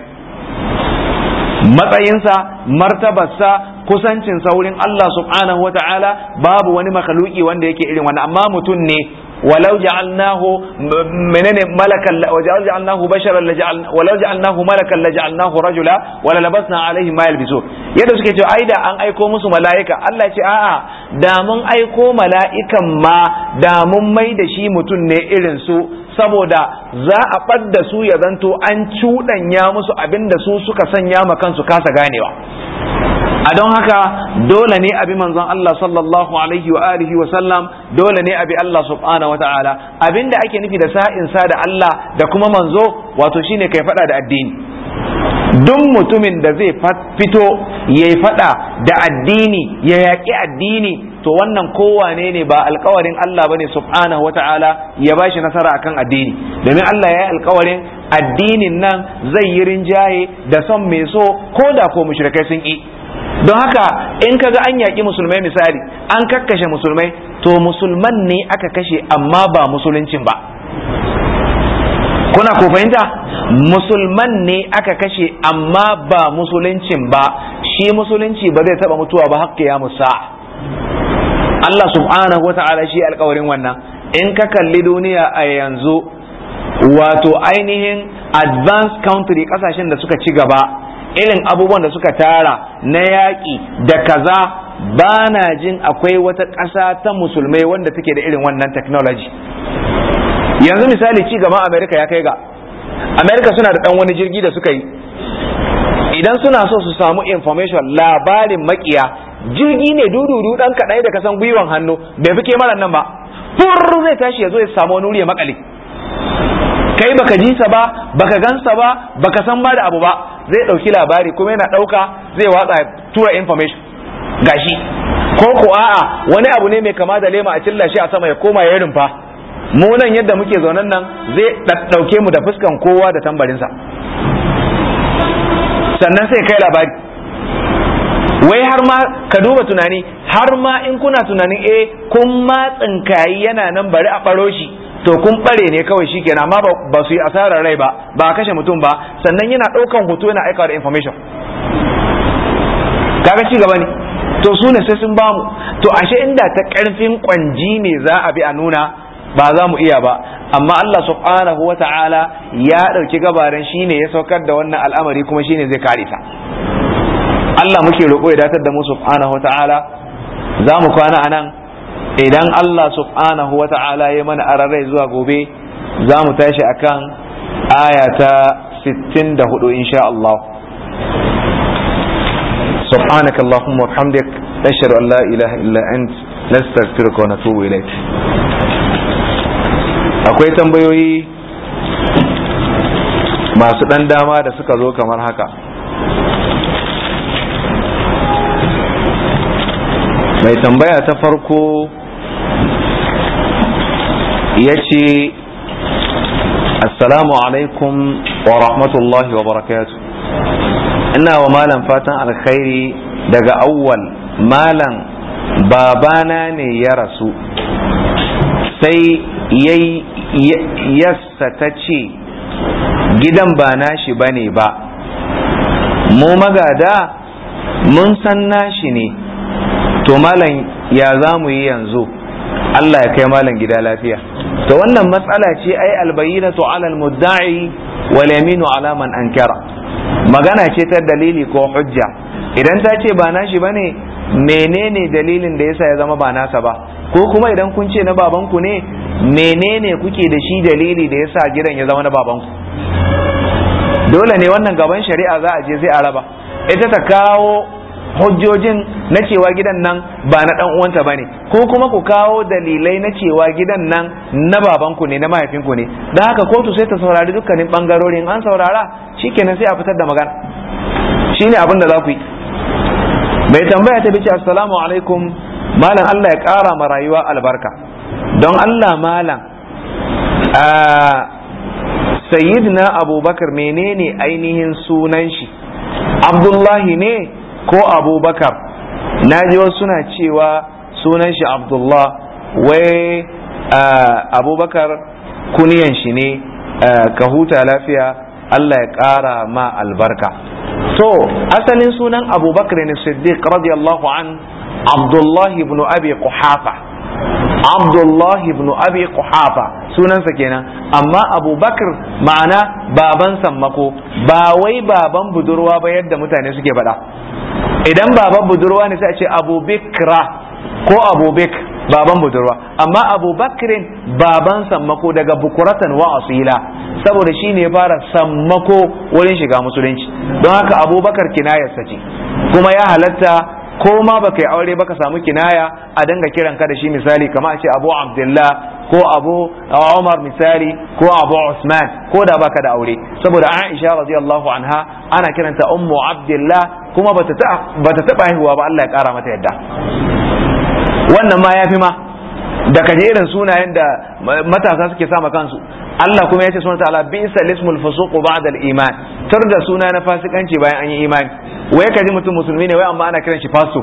matsayinsa martabarsa kusancin saurin Allah subhanahu wa ta'ala babu wani makhluki wanda yake irin wani amma mutum ne walau ja'alnahu menene malakan walau ja'alnahu basharan walau ja'alnahu malakan la ja'alnahu rajula wala labasna alaihim ma yadda suke cewa ai da an aiko musu mala'ika Allah ce a'a da mun aiko mala'ikan ma da mun mai da shi mutum ne irin su saboda za a ɓadda su ya zanto an cuɗanya musu abinda su suka sanya ma kansu kasa ganewa a don haka dole ne abi manzon Allah sallallahu alaihi wa alihi wa sallam dole ne abi Allah subhanahu wa ta'ala abinda ake nufi da sa'in sa da Allah da kuma manzo wato shine kai fada da addini duk mutumin da zai fito ya fada da addini ya yaƙi addini to wannan kowane ne ba alkawarin Allah bane subhanahu wa ta'ala ya bashi nasara akan addini domin Allah ya yi alkawarin addinin nan zai yi rinjaye da son mai so ko da ko mushrikai sun ƙi don haka in kaga an yaƙi musulmai misali an kakkashe musulmai to musulman ne aka kashe amma ba musuluncin ba kuna ko fahimta musulman ne aka kashe amma ba musuluncin ba shi musulunci ba zai taba mutuwa ba haƙƙi ya musa Allah subhanahu wata'ala shi alkawarin wannan in ka kalli duniya a yanzu wato ainihin advanced country ƙasashen da suka ci gaba irin abubuwan da suka tara na yaƙi da kaza ba na jin akwai wata ƙasa ta musulmai wanda take da irin wannan technology yanzu misali ci gaban amerika ya kai ga amerika suna da ɗan wani jirgi da suka yi idan suna so su samu information labarin makiya jirgi ne dududu ɗan kaɗai da kasan gwiwan hannu bai fi kemaran nan ba fur zai tashi ya zo ya samu wani wuri ya makale kai baka ji sa ba baka gansa ba baka san ba da abu ba zai ɗauki labari kuma yana ɗauka zai watsa tura information gashi ko ko a'a wani abu ne mai kama da lema a cilla shi a sama ya koma ya rumfa mu nan yadda muke zaunan nan zai ɗauke mu da fuskan kowa da tambarinsa sannan sai kai labari wai har ma ka duba tunani har ma in kuna tunanin eh kun ma tsinkayi yana nan bari a ɓaro shi to kun bare ne kawai shi shikenan amma ba su yi asarar rai ba ba kashe mutum ba sannan yana ɗaukan hoto yana aikawa da information kaga ci gaba ne to su ne sai sun bamu to ashe inda ta karfin kwanji ne za a bi a nuna ba za mu iya ba amma Allah subhanahu wa ta'ala ya ɗauki gabaran shi ne ya saukar da wannan al'amari kuma shi ne zai kare ta Allah muke roƙo ya datar da mu subhanahu wa ta'ala za mu kwana a nan idan Allah subhanahu wa ta'ala ya mana ararai zuwa gobe za mu tashi akan aya ta 64 insha Allah سبحانك اللهم وبحمدك نشهد ان لا اله الا انت نستغفرك ونتوب اليك akwai tambayoyi masu ɗan dama da suka zo kamar haka mai tambaya ta farko ya ce assalamu alaikum wa rahmatullahi wa barakatu ina wa malam fatan alkhairi daga awwal malam babana ne ya rasu sai yassa ta ce gidan ba nashi ba ne ba mu magada mun san nashi ne to malam ya za mu yi yanzu Allah ya kai malam gida lafiya to wannan matsala ce ai albayyinatu ala almudda'i wal yaminu ala man ankara magana ce ta dalili ko hujja idan ta ce ba nashi bane menene dalilin da yasa ya zama ba nasa ba ko kuma idan kun ce na babanku ne menene kuke da shi dalili da yasa gidan ya zama na babanku dole ne wannan gaban shari'a za a je sai a raba ita ta kawo hujjojin na cewa gidan nan ba na dan uwanta bane ko kuma ku kawo dalilai na cewa gidan nan na babanku ne na mahaifinku ne dan haka kotu sai ta saurari dukkanin bangarorin an saurara shikenan sai a fitar da magana shine abin da za ku yi mai tambaya ta bice assalamu alaikum malam Allah ya kara ma rayuwa albarka don Allah malam a sayyidina abubakar menene ainihin sunan shi abdullahi ne ko abubakar na ji wasu suna cewa sunan shi abdullah wai abubakar kuniyan shi ne ka huta lafiya Allah ya ƙara ma albarka to asalin sunan abubakar ne siddiq radiyallahu an abdullahi ibn abi quhafa Abdullahi ibn Abi Quhafa sunansa kenan amma Abu Bakr ma'ana baban sammako ba wai baban budurwa ba yadda mutane suke faɗa idan baban budurwa ne sai a ce Abu Bikra ko Abu Bik baban budurwa amma Abu Bakrin baban sammako daga bukuratan wa asila saboda shi ne fara sammako wurin shiga musulunci don haka Abu Bakar kinayarsa sace, kuma ya halatta ko ma baka yi aure baka samu kinaya a danga kiran ka da shi misali kamar a ce abu abdullah ko abu umar misali ko abu usman ko da baka da aure saboda aisha radiyallahu anha ana kiranta ummu abdullah kuma bata taba haihuwa ba Allah ya kara mata yadda wannan ma yafi ma da kaje irin sunayen da matasa suke sama kansu Allah kuma ya ce sunan ta'ala bi isa lismul fusuq ba'da al-iman tar da suna na fasikanci bayan an yi imani wai kaji mutum musulmi ne wai amma ana kiran shi fasu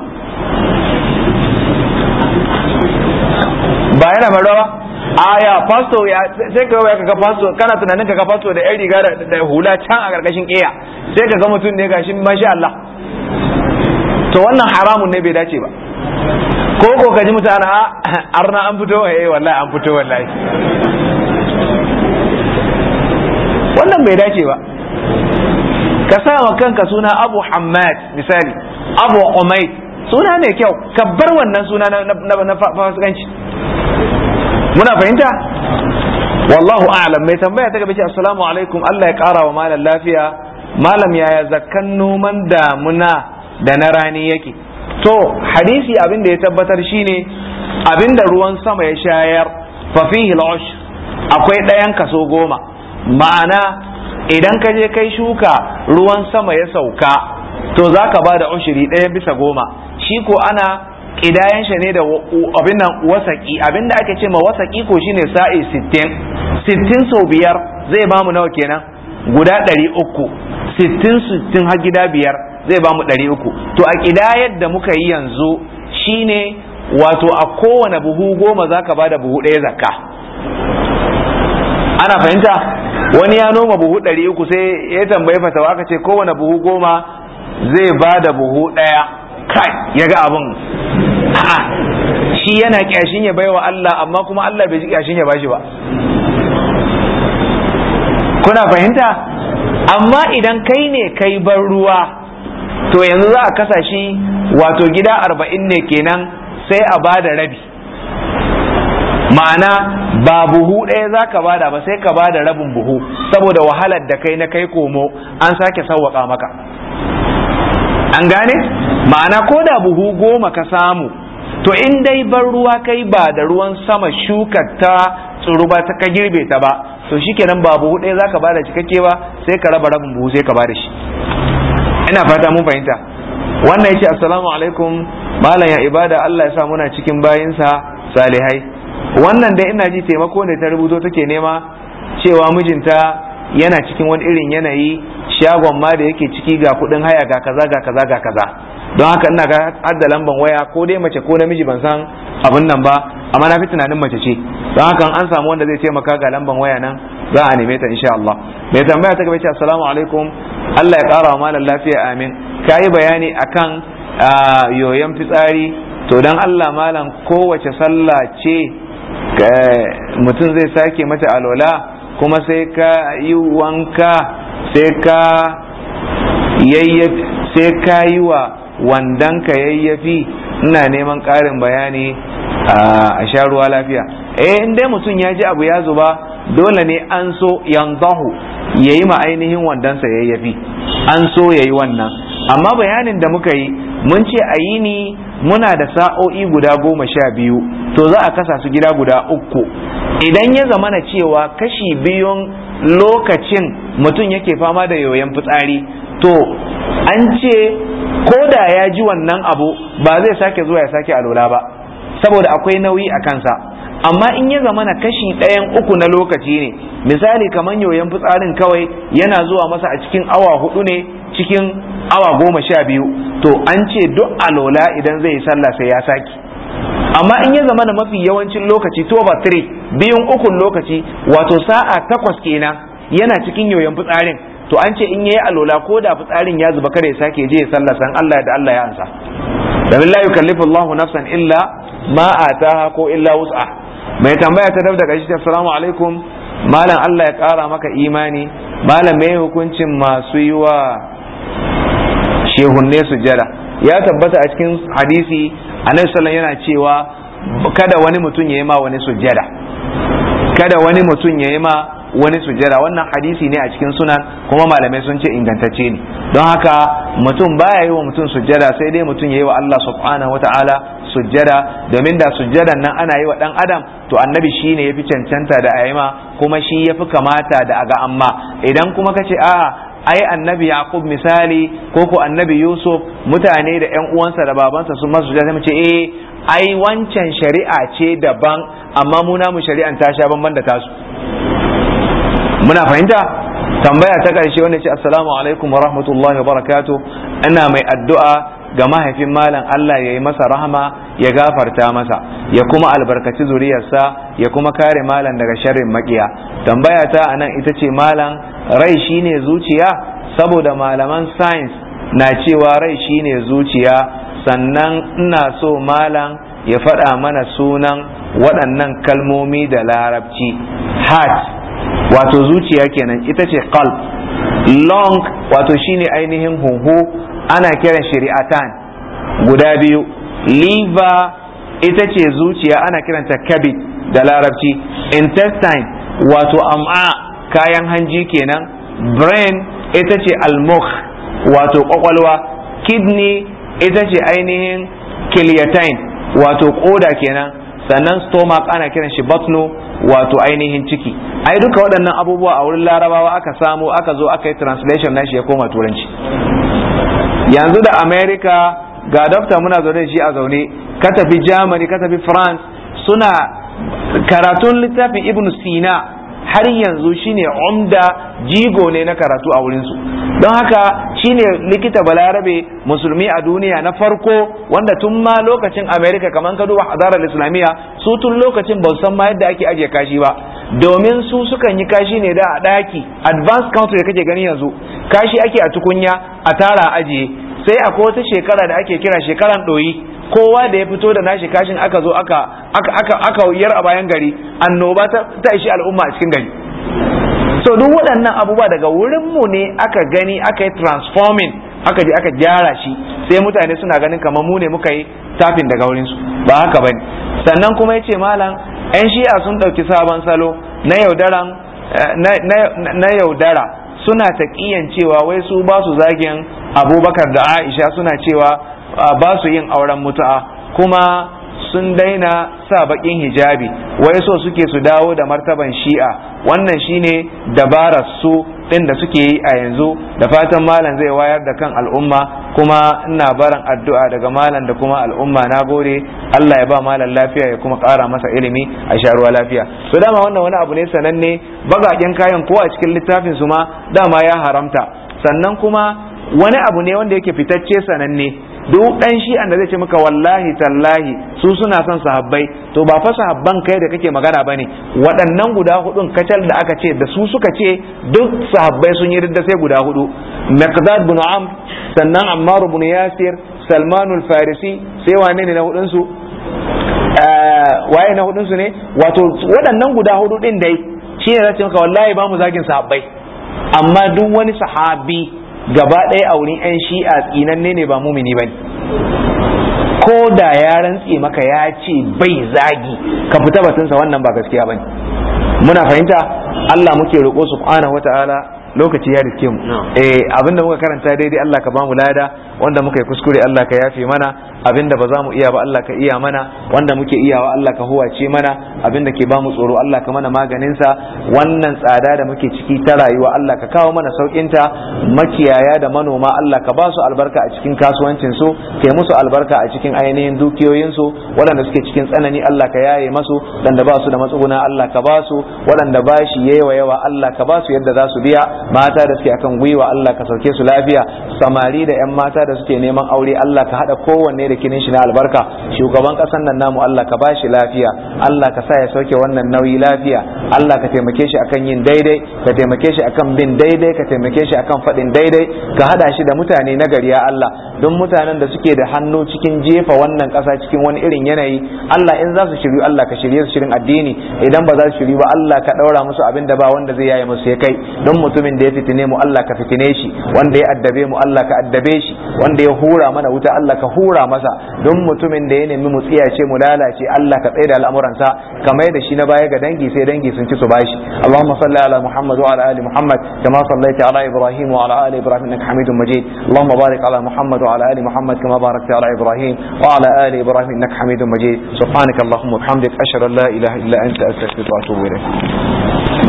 ba yana faruwa ba aya fasto ya sai ka waya ka fasto kana tunanin ka fasto da yan riga da hula can a karkashin iya? sai ga mutum ne gashin masha Allah to wannan haramun ne bai dace ba ko ko kaji mutane a ah, *laughs* arna an fito eh wallahi an fito wallahi wannan bai dace ba ka sa wa kanka suna abu hamad misali abu umaid suna ne kyau ka bar wannan suna na fasikanci muna fahimta wallahu a'lam mai tambaya ta gabe assalamu alaikum Allah ya kara wa malam lafiya malam yaya zakkan noman damuna da na rani yake to hadisi abin da ya tabbatar shine abin da ruwan sama ya shayar fa fihi akwai ɗayan kaso goma ma'ana idan ka je kai shuka ruwan sama ya sauka to za ka ba da ushiri ɗaya bisa goma shi ko ana ƙidayen shi ne da abin nan wasaƙi abin da ake ce ma wasaƙi ko shi ne sa'i sittin sittin sau biyar zai ba mu nawa kenan guda ɗari uku sittin sittin har gida biyar zai ba mu ɗari uku to a ƙidayar da muka yi yanzu shine wato a kowane buhu goma za ka ba da buhu ɗaya zakka ana fahimta wani ya noma buhu ɗari uku sai ya tambayi fatawa aka ce kowane buhu goma zai ba da buhu ɗaya kai ya ga abin shi yana kyashin ya baiwa Allah amma kuma Allah bai ji kyashin ya bashi ba kuna fahimta amma idan kai ne kai ban ruwa to yanzu za a kasa shi wato gida arba'in ne kenan sai a ba da rabi ma'ana ba buhu ɗaya za ka bada ba sai ka bada rabin buhu saboda wahalar da kai na kai komo an sake sauwaka maka an gane ma'ana ko da buhu goma ka samu to in dai bar ruwa kai ba da ruwan sama shukar ta tsoro ba ta ka girbe ta ba to shikenan ba buhu ɗaya za ka bada cikakke ba sai ka raba rabin buhu sai ka bada shi ina fata mun fahimta wannan ya ce assalamu alaikum malam ya ibada Allah ya sa muna cikin bayinsa salihai wannan dai ina ji taimako ne ta rubuto take nema cewa mijinta yana cikin wani irin yanayi shagon ma da yake ciki ga kudin haya ga kaza ga kaza ga kaza don haka ina ga hadda lamban waya ko dai mace ko namiji ban san abin nan ba amma na fi tunanin mace ce don haka an samu wanda zai taimaka ga lamban waya nan za a neme ta insha Allah mai tambaya ta gaba ce assalamu alaikum Allah ya kara wa malam lafiya amin kai bayani akan ah, yoyon fitsari to dan Allah malam kowace sallah ce mutum zai sake mata alwala kuma sai ka yi wanka sai ka sai ka yi wa ka yayyafi ina neman ƙarin bayani a sha ruwa lafiya eh in dai mutum ya ji abu ya zuba dole ne an so yanzahu ya yi ma ainihin wandonsa yayyafi an so ya yi wannan amma bayanin da muka yi mun ce a yi ni muna da sa'o'i guda goma sha biyu to za a kasa su gida guda uku idan ya zamana cewa kashi biyun lokacin mutum yake fama da yoyon fitsari to an ce ko da ya ji wannan abu ba zai sake zuwa ya sake alola ba saboda akwai nauyi a kansa amma in ya zama na kashi ɗayan uku na lokaci ne misali kamar yoyon fitsarin kawai yana zuwa masa a cikin awa hudu ne cikin awa goma sha biyu to an ce duk alola idan zai yi sallah sai ya saki amma in ya zama da mafi yawancin lokaci to ba tire biyun ukun lokaci wato sa'a takwas kenan yana cikin yoyon fitsarin to an ce in yayi alola ko da fitsarin ya zuba kare sake je ya sallah san Allah da Allah ya ansa da billahi yukallifu Allah nafsan illa ma ataha ko illa wus'a mai tambaya ta shi gashi assalamu alaikum malam Allah ya kara maka imani malam mai hukuncin masu yi shehunne sujjada ya tabbata a cikin hadisi annabi sallallahu yana cewa kada wani mutum ya ma wani sujjada kada wani mutum ya ma wani sujjada wannan hadisi ne a cikin sunan kuma malamai sun ce ingantacce ne don haka mutum baya yi wa mutum sujjada sai dai mutum ya yi wa Allah subhanahu wataala sujjada domin da sujjadan nan ana yi wa dan adam to annabi shi ne ya fi cancanta da ayyama kuma shi ya fi kamata da aga amma idan kuma ka ce a'a ai annabi yaqub misali ko ko annabi yusuf mutane da yan uwansa da babansa sun masu sujada sai mu ce eh ai wancan shari'a ce daban amma mu namu shari'an ta sha banban da tasu muna fahimta tambaya ta karshe wanda ce assalamu alaikum wa rahmatullahi wa barakatuh ina mai addu'a ga mahaifin malam Allah ya yi masa rahama ya gafarta masa ya kuma albarkaci zuriyarsa ya kuma kare malam daga sharrin makiya tambaya ta anan ita ce malam rai shine zuciya saboda malaman science na cewa rai shine zuciya sannan ina so malam ya faɗa mana sunan waɗannan kalmomi da larabci heart wato zuciya kenan ita ce qalb long wato shine ainihin huhu ana kiran shari'atan guda biyu liver ita ce zuciya ana kiranta kabit da larabci intestine wato am'a kayan hanji kenan brain ita ce almok wato kwakwalwa kidney ita ce ainihin kilyatine wato koda kenan sannan stomach ana kiran shi batno wato ainihin ciki ai duka waɗannan abubuwa a wurin larabawa aka samu aka zo aka yi translation nashi ya koma turanci yanzu da america ga dafta muna zaune shi a zaune ka tafi germany ka tafi france suna karatun littafin ibn sina har yanzu shine umda jigo ne na karatu a wurinsu don haka shine likita balarabe musulmi a duniya na farko wanda tun ma lokacin Amerika kamar ka duba hadarar islamiyya su tun lokacin ba san ma yadda ake ajiye kashi ba domin su sukan yi kashi ne da a daki advance counter da kake gani yanzu kashi ake a tukunya a tara ajiye sai akwai wata shekara da ake kira shekaran ɗoyi kowa da ya fito da nashi kashin aka zo aka aka aka yar a bayan gari annoba ta ishi al'umma a cikin gari so duk waɗannan abubuwa daga wurin mu ne aka gani aka yi transforming aka je aka gyara shi sai mutane suna ganin kamar mu ne muka yi tafin daga wurin su ba haka bane sannan kuma yace malam 'yan shi'a sun ɗauki sabon salo na yaudara eh, na yaudara suna taƙiyan cewa wai su ba su zagin abubakar da aisha suna cewa ah, ba su yin auren mutu'a kuma sun daina sa bakin hijabi wai so suke su dawo da martaban shi'a wannan shine dabarar su din da suke yi a yanzu da fatan malam zai wayar da kan al'umma kuma ina baran addu'a daga malam da kuma al'umma na gode Allah ya ba malam lafiya ya kuma ƙara masa ilimi a sharuwa lafiya da dama wannan wani abu ne sananne bagaƙen kayan ko a cikin littafin su ma dama ya haramta sannan kuma wani abu ne wanda yake fitacce sananne duk dan shi'an da zai ce maka wallahi tallahi su suna son sahabbai to ba fa sahabban kai da kake magana bane waɗannan guda hudun kacal da aka ce da su suka ce duk sahabbai sun yi ridda sai guda hudu miqdad bin amr sannan ammar bin yasir al farisi sai wane ne na hudun su eh, waye na hudun su ne wato waɗannan guda hudu din dai shine zai ce maka wallahi ba mu zagin sahabbai amma duk wani sahabi gaba ɗaya a wurin 'yan shi'a tsinanne ne ba mumini ba ko da ya rantse maka ya ce bai zagi ka fita batunsa wannan ba gaskiya ba muna fahimta Allah muke roƙo wa wata'ala lokaci ya riske mu eh, abinda muka karanta daidai Allah ka bamu lada wanda muka yi kuskure Allah ka yafe mana abinda ba za mu iya ba Allah ka iya mana wanda muke iya wa Allah ka huwace mana abinda ke ba mu tsoro Allah ka mana maganin sa wannan tsada da muke ciki ta rayuwa Allah ka kawo mana saukin ta makiyaya da manoma Allah ka ba su albarka a cikin kasuwancin su ke musu albarka a cikin ainihin dukiyoyin su waɗanda suke cikin tsanani Allah ka yaye masu waɗanda ba su da matsuguna Allah ka ba su waɗanda ba shi yawa yawa Allah ka ba su yadda za su biya mata da suke akan gwiwa Allah ka sauke su lafiya samari da 'yan mata da suke neman aure Allah ka haɗa kowanne rikinin shi na albarka shugaban kasan nan namu Allah ka bashi lafiya Allah ka sa ya sauke wannan nauyi lafiya Allah ka taimake shi akan yin daidai ka taimake shi akan bin daidai ka taimake shi akan faɗin daidai ka hada shi da mutane na gari ya Allah don mutanen da suke da hannu cikin jefa wannan kasa cikin wani irin yanayi Allah in za su shiryu Allah ka shirye su shirin addini idan ba za su shiryu ba Allah ka daura musu abin da ba wanda zai yaye musu ya kai don mutumin da ya fitine mu Allah ka fitine shi wanda ya addabe mu Allah ka addabe shi wanda ya hura mana wuta Allah ka hura masa masa don mutumin da ya nemi mu tsiyace mu lalace Allah ka tsaye al'amuran sa kamar da shi na baya ga dangi sai dangi sun ci su bashi Allahumma salli ala Muhammad wa ala ali Muhammad kama sallaita ala Ibrahim wa ala ali Ibrahim innaka Hamidum Majid Allahumma barik ala Muhammad wa ala ali Muhammad kama barakta ala Ibrahim wa ala ali Ibrahim innaka Hamidum Majid subhanaka Allahumma wa bihamdika ashhadu an la ilaha illa anta astaghfiruka wa atubu ilayk